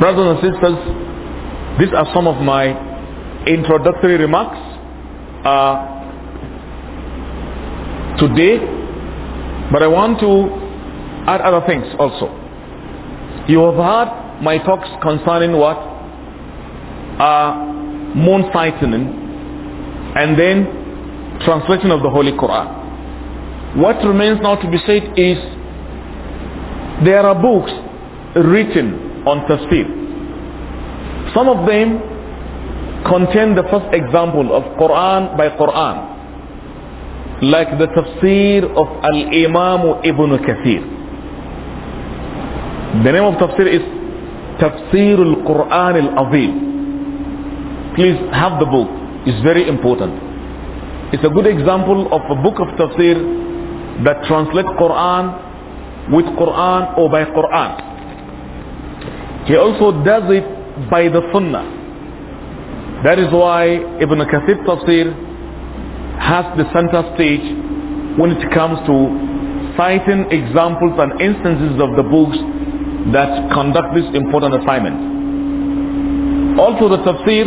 Brothers and sisters, these are some of my introductory remarks. Uh, today, but I want to and other things also. You have heard my talks concerning what? Uh, moon sighting and then translation of the Holy Quran. What remains now to be said is there are books written on tafsir. Some of them contain the first example of Quran by Quran like the tafsir of Al-Imam Ibn Kathir the name of tafsir is Tafsir al-Quran al-Azim. Please have the book. It's very important. It's a good example of a book of tafsir that translates Quran with Quran or by Quran. He also does it by the Sunnah. That is why Ibn Kathir tafsir has the center stage when it comes to citing examples and instances of the books that conduct this important assignment. Also the tafsir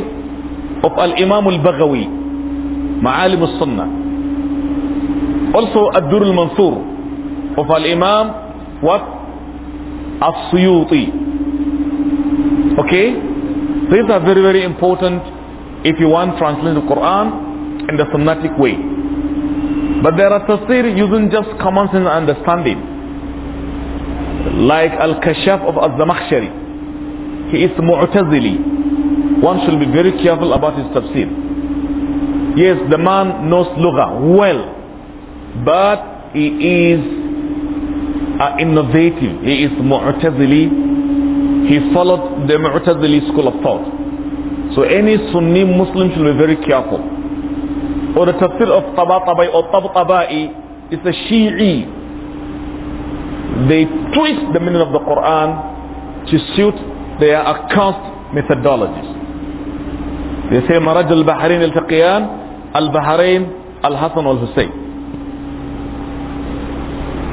of Al-Imam Al-Baghawi, Ma'alim Al-Sunnah. Also Ad-Dur Al-Mansur of Al-Imam, what? Al suyuti Okay? These are very very important if you want translating the Quran in the Sunnatic way. But there are tafsir using just common sense and understanding like Al-Kashaf of Az-Zamakhshari. He is Mu'tazili. One should be very careful about his tafsir. Yes, the man knows Lugha well, but he is uh, innovative. He is Mu'tazili. He followed the Mu'tazili school of thought. So any Sunni Muslim should be very careful. Or the tafsir of Tabatabai or Tabatabai is a Shi'i they twist the meaning of the Quran to suit their account methodologies. They say مرج البحرين التقيان البحرين الحسن والحسين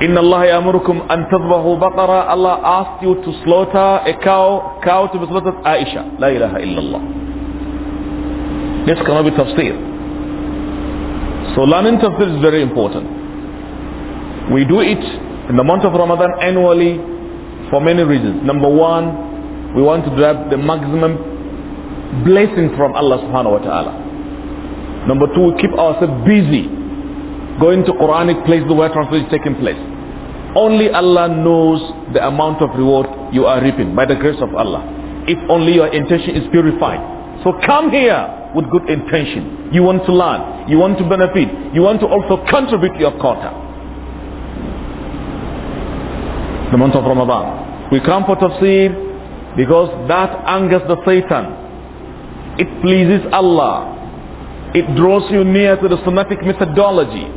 إن الله يأمركم أن تذبحوا بقرة Allah asked you to slaughter a cow cow to be slaughtered Aisha لا إله إلا الله This cannot be tafsir So learning tafsir is very important We do it in the month of Ramadan annually for many reasons. Number one, we want to grab the maximum blessing from Allah subhanahu wa ta'ala. Number two, we keep ourselves busy going to Quranic places where translation is taking place. Only Allah knows the amount of reward you are reaping by the grace of Allah. If only your intention is purified. So come here with good intention. You want to learn. You want to benefit. You want to also contribute your quota the month of Ramadan. We come for tafsir because that angers the Satan. It pleases Allah. It draws you near to the Sunnatic methodology.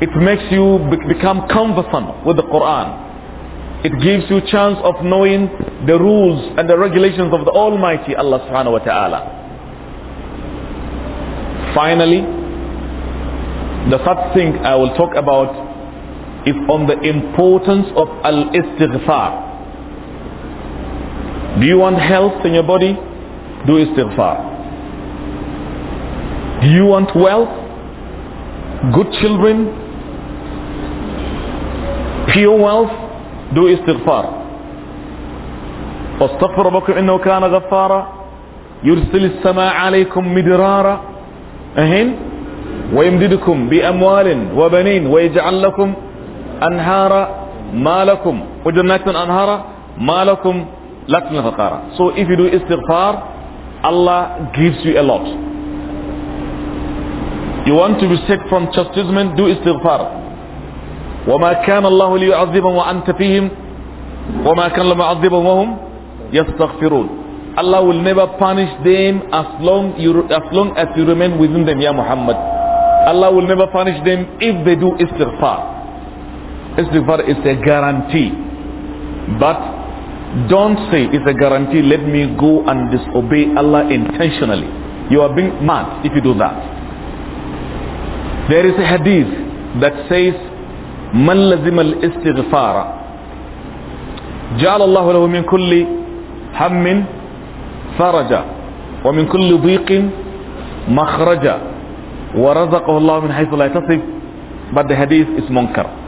It makes you become conversant with the Quran. It gives you chance of knowing the rules and the regulations of the Almighty Allah subhanahu wa ta'ala. Finally, the third thing I will talk about is on the importance of al-istighfar. Do you want health in your body? Do istighfar. Do you want wealth? Good children? Pure wealth? Do istighfar. واستغفر ربكم إنه كان غفارا يرسل السماء عليكم مدرارا أهن ويمددكم بأموال وبنين ويجعل لكم أنهار malakum with the Nakman ما لكم لكم faqara so if you do istighfar Allah gives you a lot you want to be sick from chastisement do istighfar وما كان الله ليعذبهم وأنت فيهم وما كان لما عذبهم وهم يستغفرون Allah will never punish them as long, you, as long as you remain within them, Ya Muhammad. Allah will never punish them if they do istighfar. Istighfar is a guarantee. But don't say it's a guarantee, let me go and disobey Allah intentionally. You are being mad if you do that. There is a hadith that says, من لزم الاستغفار جعل الله له من كل هم فرجا ومن كل ضيق مخرجا ورزقه الله من حيث لا يتصف but the hadith is monkar.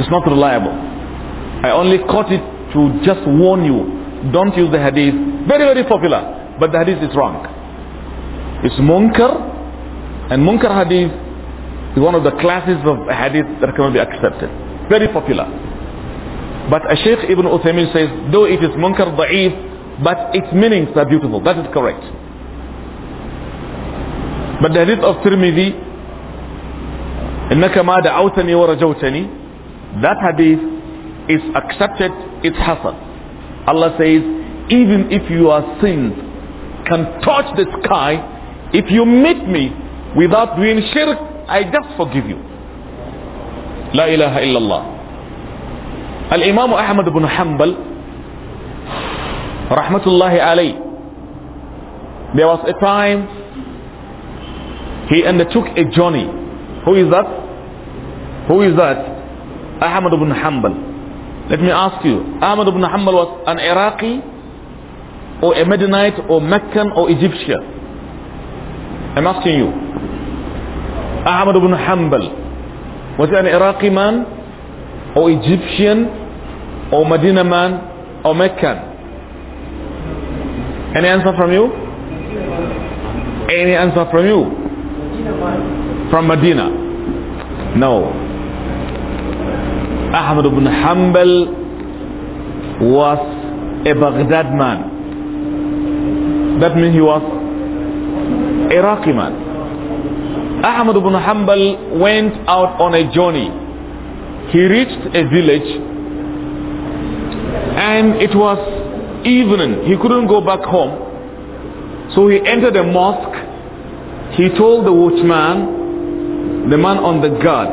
It's not reliable. I only caught it to just warn you. Don't use the hadith. Very, very popular. But the hadith is wrong. It's munkar. And munkar hadith is one of the classes of hadith that cannot be accepted. Very popular. But a Sheikh Ibn Uthaymeen says, though it is munkar da'if, but its meanings are beautiful. That is correct. But the hadith of Tirmidhi, إنك ما دعوتني ورجوتني that hadith is accepted, it's hasan. Allah says, even if your sins can touch the sky, if you meet me without doing shirk, I just forgive you. La ilaha illallah. Al-Imam Ahmad ibn Hanbal, rahmatullahi alayh, there was a time he undertook a journey. Who is that? Who is that? Ahmad ibn Hanbal. Let me ask you, Ahmad ibn Hanbal was an Iraqi or a Medinite or Meccan or Egyptian? I'm asking you. Ahmad ibn Hanbal, was he an Iraqi man or Egyptian or Medina man or Meccan? Any answer from you? Any answer from you? From Medina. No. Ahmad ibn Hanbal was a Baghdad man. That means he was Iraqi man. Ahmad ibn Hanbal went out on a journey. He reached a village and it was evening. He couldn't go back home. So he entered a mosque. He told the watchman, the man on the guard,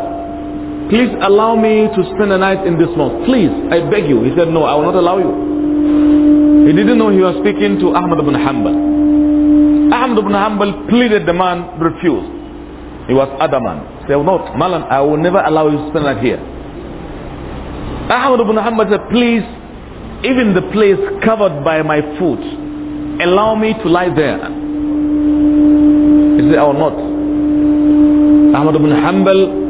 please allow me to spend the night in this mosque. Please, I beg you. He said, no, I will not allow you. He didn't know he was speaking to Ahmad ibn Hanbal. Ahmad ibn Hanbal pleaded the man, refused. He was adamant. He said, no, Malan, I will never allow you to spend the night here. Ahmad ibn Hanbal said, please, even the place covered by my foot, allow me to lie there. He said, I will not. Ahmad ibn Hanbal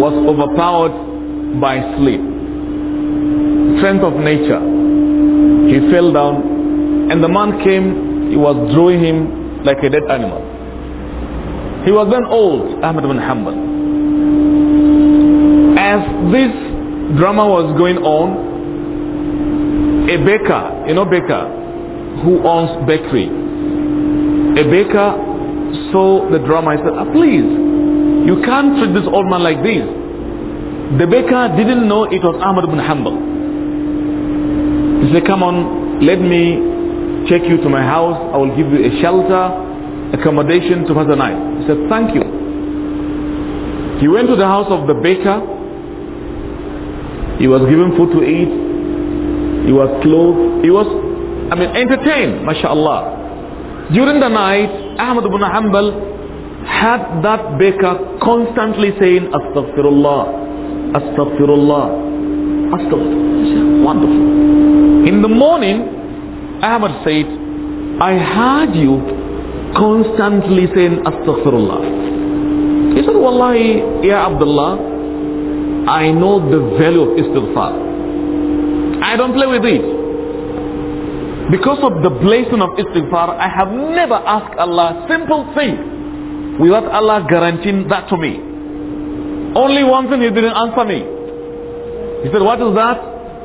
was overpowered by sleep. Strength of nature. He fell down and the man came, he was drawing him like a dead animal. He was then old, Ahmed bin Hanbal. As this drama was going on, a baker, you know baker, who owns bakery, a baker saw the drama and said, ah, please, you can't treat this old man like this. The baker didn't know it was Ahmad ibn Hanbal. He said, come on, let me take you to my house. I will give you a shelter, accommodation to pass the night. He said, thank you. He went to the house of the baker. He was given food to eat. He was clothed. He was, I mean, entertained, mashallah. During the night, Ahmad ibn Hanbal had that baker constantly saying astaghfirullah astaghfirullah astaghfirullah wonderful in the morning Ahmad said I heard you constantly saying astaghfirullah he said wallahi ya Abdullah I know the value of istighfar I don't play with it because of the blessing of istighfar, I have never asked Allah simple thing without Allah guaranteeing that to me. Only one thing he didn't answer me. He said, what is that?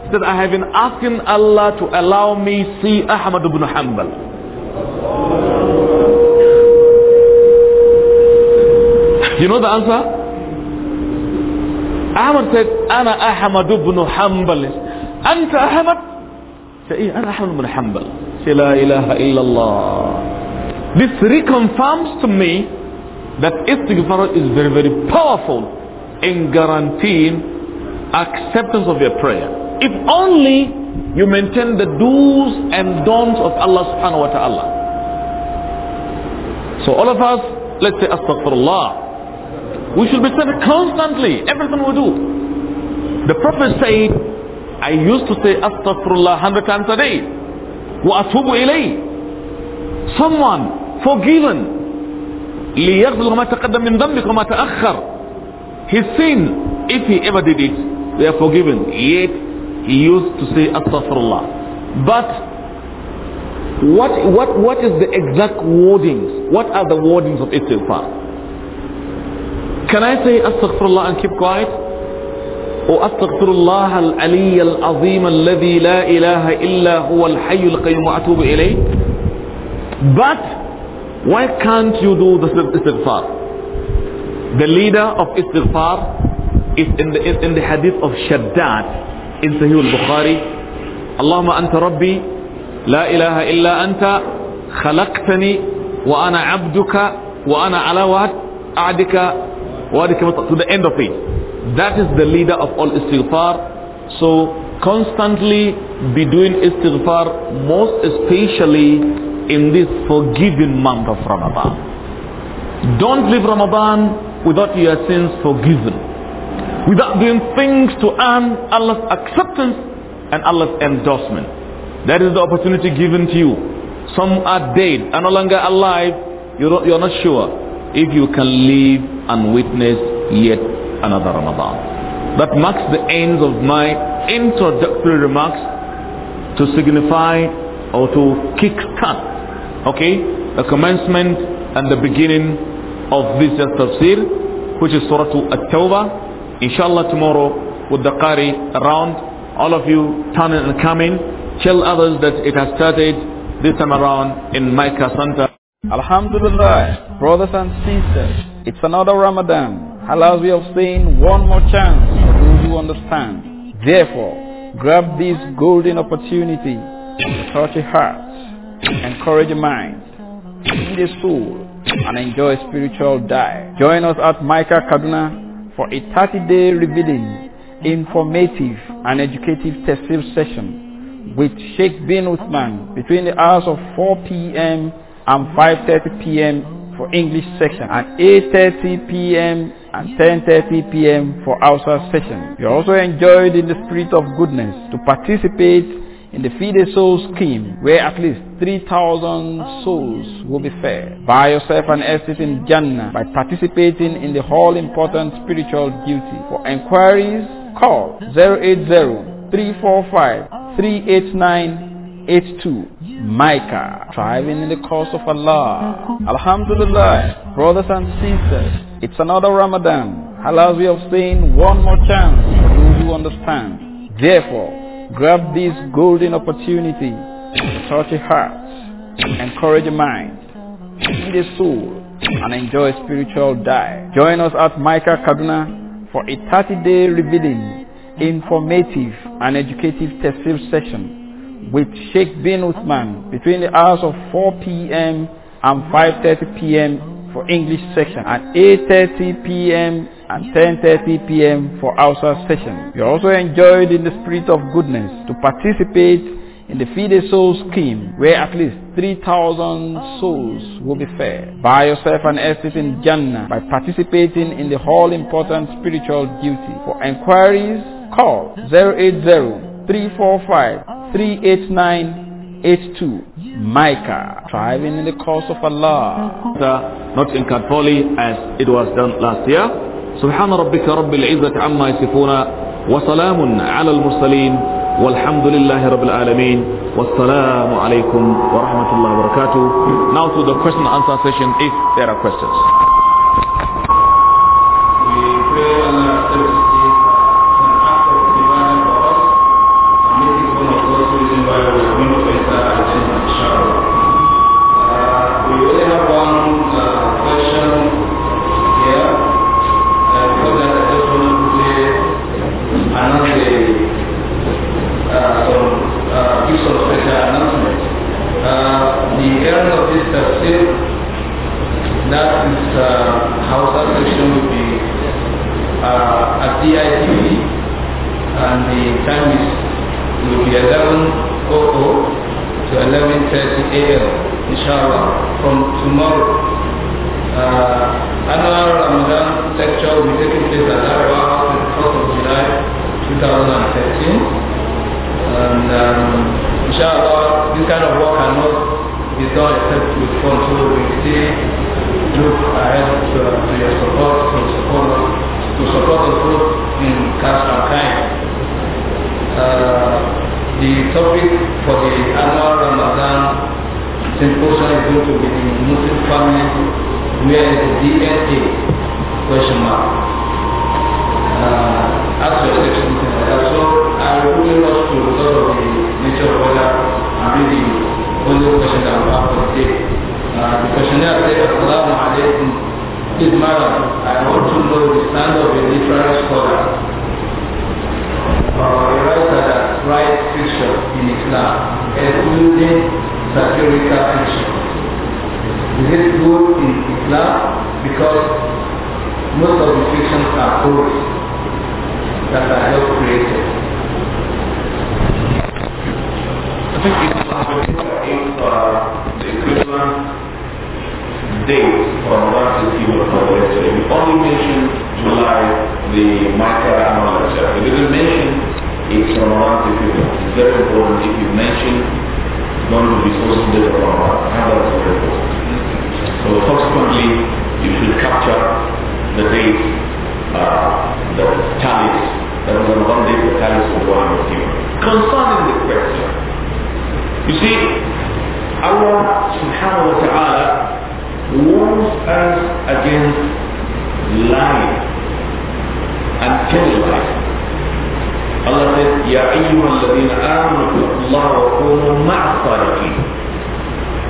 He said, I have been asking Allah to allow me see Ahmad ibn Hanbal. You know the answer? Ahmad said, "Ana Ahmad ibn حنبل أنت Ahmad. Say إيه eh, Ana Ahmad ibn حنبل say لا إله إلا الله This reconfirms to me that istighfar is very, very powerful in guaranteeing acceptance of your prayer. If only you maintain the do's and don'ts of Allah subhanahu wa ta'ala. So all of us, let's say astaghfirullah. We should be saying constantly, everything we do. The Prophet said, I used to say astaghfirullah hundred times a day. Wa atubu ilay. Someone forgiven ليغفر ما تقدم من ذنبك وما تأخر his sin if he ever did it they are forgiven yet he used to say أستغفر الله but what what what is the exact wordings what are the wordings of istighfar can I say أستغفر الله and keep quiet وأستغفر الله العلي العظيم الذي لا إله إلا هو الحي القيوم وأتوب إليه but Why can't you do the istighfar? The leader of istighfar is in the, is in the hadith of Shaddad in Sahih al-Bukhari. اللهم أنت ربي لا إله إلا أنت خلقتني wa ana وأنا على وعد أعدك adika, to the end of it. That is the leader of all istighfar. So constantly be doing istighfar most especially in this forgiving month of Ramadan. Don't leave Ramadan without your sins forgiven, without doing things to earn Allah's acceptance and Allah's endorsement. That is the opportunity given to you. Some are dead and no longer alive. You're not, you're not sure if you can live and witness yet another Ramadan. That marks the end of my introductory remarks to signify or to kickstart Okay? The commencement and the beginning of this tafsir, which is Surah At-Tawbah. Inshallah tomorrow with the Qari around, all of you turning and coming, tell others that it has started this time around in Mecca Center. Alhamdulillah, brothers and sisters, it's another Ramadan. Allah's we of seen one more chance for those who understand. Therefore, grab this golden opportunity to touch a heart encourage the mind, feed the soul, and enjoy spiritual diet. Join us at Micah Kaduna for a 30-day revealing, informative, and educative testing session with Sheikh bin Uthman between the hours of 4 p.m. and 5.30 p.m. for English section and 8.30 p.m. and 10.30 p.m. for Hausa session. You are also enjoyed in the spirit of goodness to participate in the Feed a Soul scheme, where at least 3,000 souls will be fed. Buy yourself an estate in Jannah by participating in the whole important spiritual duty. For inquiries, call 080-345-38982. Micah, thriving in the cause of Allah. Alhamdulillah, brothers and sisters, it's another Ramadan. Allah's way of saying one more chance for those who understand. Therefore, Grab this golden opportunity to touch a heart, encourage a mind, feed a soul, and enjoy a spiritual dive. Join us at Micah Kaduna for a 30-day revealing, informative, and educative tafsir session with Sheikh bin Uthman between the hours of 4 p.m. and 5.30 p.m for English section and 8.30 p.m. and 10.30 p.m. for Hausa session. You are also enjoyed in the spirit of goodness to participate in the Feed a Soul scheme where at least 3,000 souls will be fed. Buy yourself an estate in Jannah by participating in the all important spiritual duty. For enquiries, call 080 345 389 82 Micah striving in the cause of Allah not in Cat as it was done last year سبحان ربك رب العزة عما يصفون وسلام على المرسلين والحمد لله رب العالمين والسلام عليكم ورحمة الله وبركاته now to the question and answer session if there are questions uh, at DITV and the time is will be 11.00 to 11.30 a.m. inshallah from tomorrow. Uh, annual Ramadan lecture will be taking place at Arawa on the 4th of July 2013 and um, inshallah this kind of work cannot be done except with funds so we still look ahead to, uh, to your support to support us to support the group in Cast Archive. Uh, the topic for the annual Ramadan symposium is going to be the Muslim family where is the DNA question mark. Uh, as for education, also uh, I would really love to talk of the nature of weather and really only question that we have for the day. Uh, the questionnaire says, Assalamu alaikum said, Madam, I want to know the stand of a literary scholar or uh, a writer that writes fiction in Islam, including satirical fiction. Is it good in Islam? Because most of the fictions are stories that are not created. I think it's for the equivalent Date for what the people of Norway today. only mentioned July, the Micah and all that stuff. We didn't mention it's from around the It's very important if you mention it's going to be supposed to be from around. How So subsequently, you should capture the date, uh, the tallies, that was on one day the tallies of one of you. Concerning the question, you see, Allah subhanahu wa ta'ala warns us against lying and telling lies. Allah says, يا أيها الذين آمنوا اتقوا الله وكونوا مع الصالحين.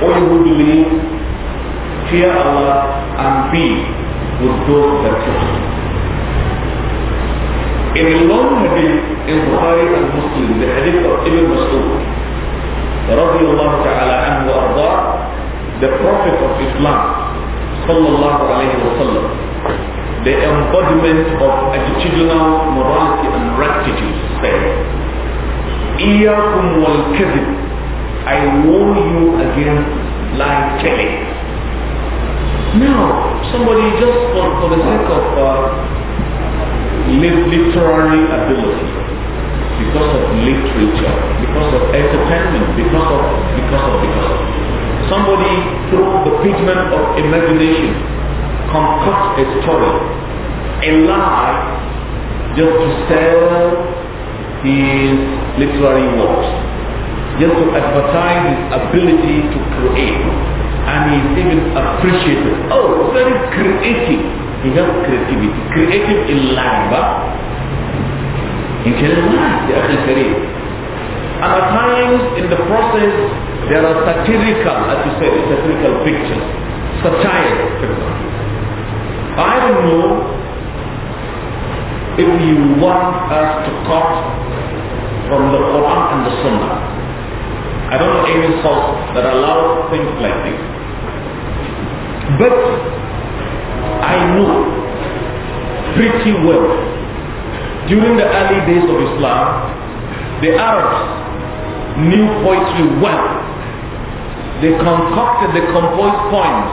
All who believe, fear Allah and be with those that trust. In a long hadith in Bukhari and Muslim, the hadith of Ibn Mas'ud, رضي الله تعالى عنه وأرضاه, the sallallahu alayhi wa sallam, the embodiment of attitudinal morality and rectitude, said, إِيَّاكُمْ وَالْكَذِبِ I warn you against lie-telling. Now, somebody just for, for the sake of uh, literary ability, because of literature, because of entertainment, because of, because of, because of, Somebody through the pigment of imagination concoct a story, a lie just to sell his literary works, just to advertise his ability to create. And he's even appreciated. Oh, very creative. He has creativity. Creative in language. You can lie, the and at times in the process, there are satirical, as you said, satirical pictures. Satire, for example. I don't know if you want us to cut from the Quran and the Sunnah. I don't know any source that allows things like this. But I know pretty well during the early days of Islam the Arabs knew poetry well. They concocted, they composed poems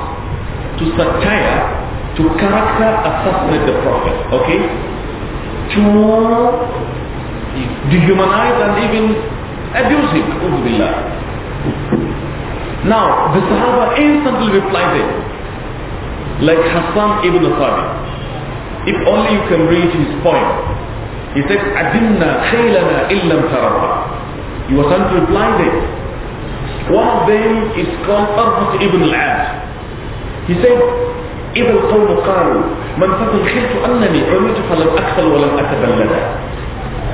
to satire, to character assassinate the prophet, okay? To dehumanize and even abuse him, Now, the Sahaba instantly replied it, like Hassan ibn Thabit. If only you can read his poem, He said, Adinna khaylana illam tarawa. He was sent to reply them. One of them is called Arbut ibn al-Ad. He said, إذا القوم قالوا من فضل خلت أنني عملت فلم أكفل ولم أتبلد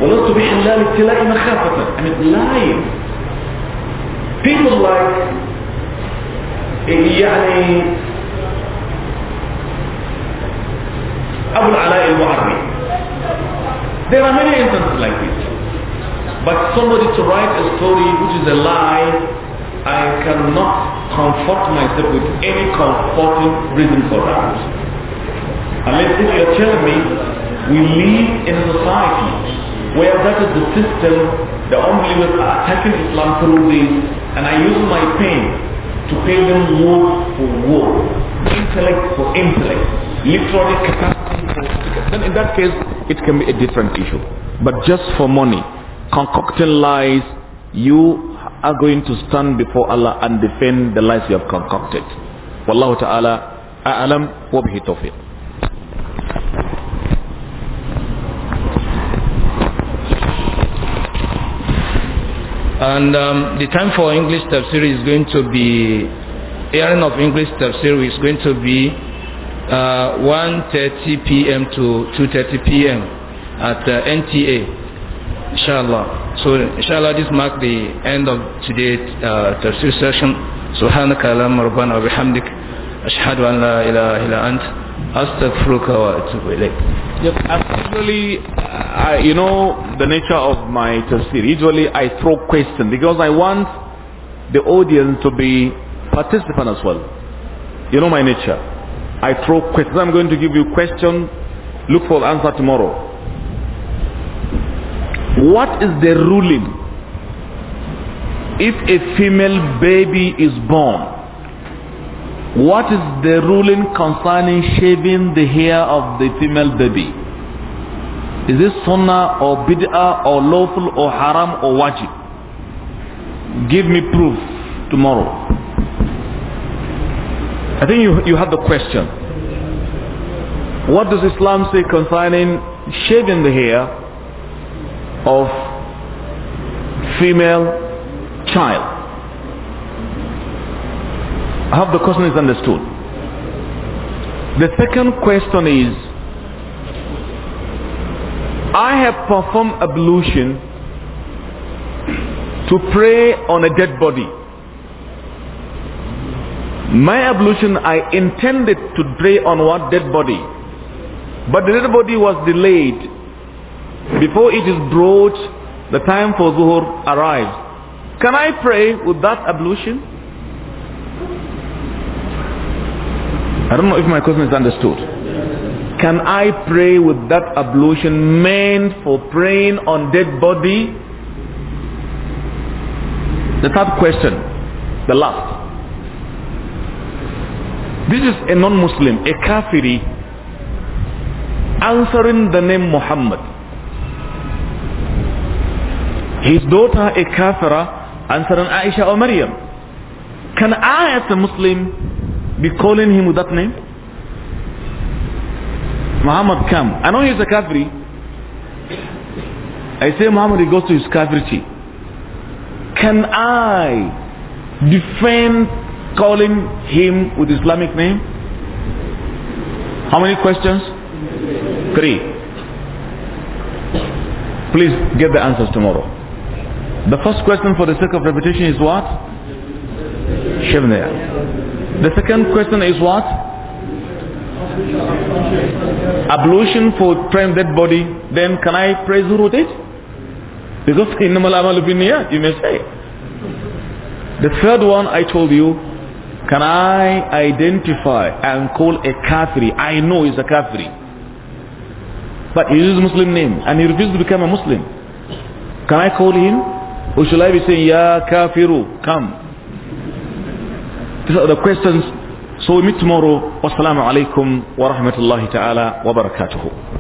ولست بحلال ابتلاء مخافة I mean lying people like يعني There are many instances like this. But somebody to write a story which is a lie, I cannot comfort myself with any comforting reason for that. Unless if you're telling me we live in a society where that is the system, the unbelievers are attacking Islam through this, and I use my pain to pay them word for war, intellect for intellect, literary capacity then in that case it can be a different issue. But just for money, concocting lies, you are going to stand before Allah and defend the lies you have concocted. Wallahu ta'ala a'alam wa bihi tawfiq. And um, the time for English tafsir is going to be, airing of English tafsir is going to be uh, 1.30 p.m. to 2.30 p.m. at uh, NTA, inshallah. So inshallah this marks the end of today's uh, tafsir session. سبحانك اللهم ربنا وبحمدك أشهد أن لا إله إلا أنت أستغفرك وأتوب إليك Yes, actually, I, you know the nature of my tafsir. Usually I throw questions because I want the audience to be participant as well. You know my nature. I throw questions. I'm going to give you a question. Look for the answer tomorrow. What is the ruling? If a female baby is born, what is the ruling concerning shaving the hair of the female baby? Is this sunnah or bid'ah or lawful or haram or wajib? Give me proof tomorrow. I think you, you have the question. What does Islam say concerning shaving the hair of female child? I hope the question is understood. The second question is, I have performed ablution to pray on a dead body. My ablution, I intended to pray on what dead body? But the dead body was delayed. Before it is brought, the time for Zuhur arrives. Can I pray with that ablution? I don't know if my question is understood. Can I pray with that ablution meant for praying on dead body? The third question, the last. This is a non-Muslim, a kafiri answering the name Muhammad. His daughter, a kafira, answering Aisha or Maryam. Can I, as a Muslim, be calling him with that name? Muhammad, come. I know he's a kafiri. I say Muhammad, he goes to his kafirity. Can I defend calling him with Islamic name? How many questions? Three. Please get the answers tomorrow. The first question for the sake of repetition is what? Shivnaya. The second question is what? Ablution for praying dead body. Then can I pray Zuhur with it? Because you may say. The third one I told you, can I identify and call a kafri? I know it's a kafri. But he uses Muslim name and he refused to become a Muslim. Can I call him? Or shall I be saying, Ya Kafiru, come? These are the questions. So we meet tomorrow. Wassalamu alaikum wa rahmatullahi ta'ala wa barakatuhu.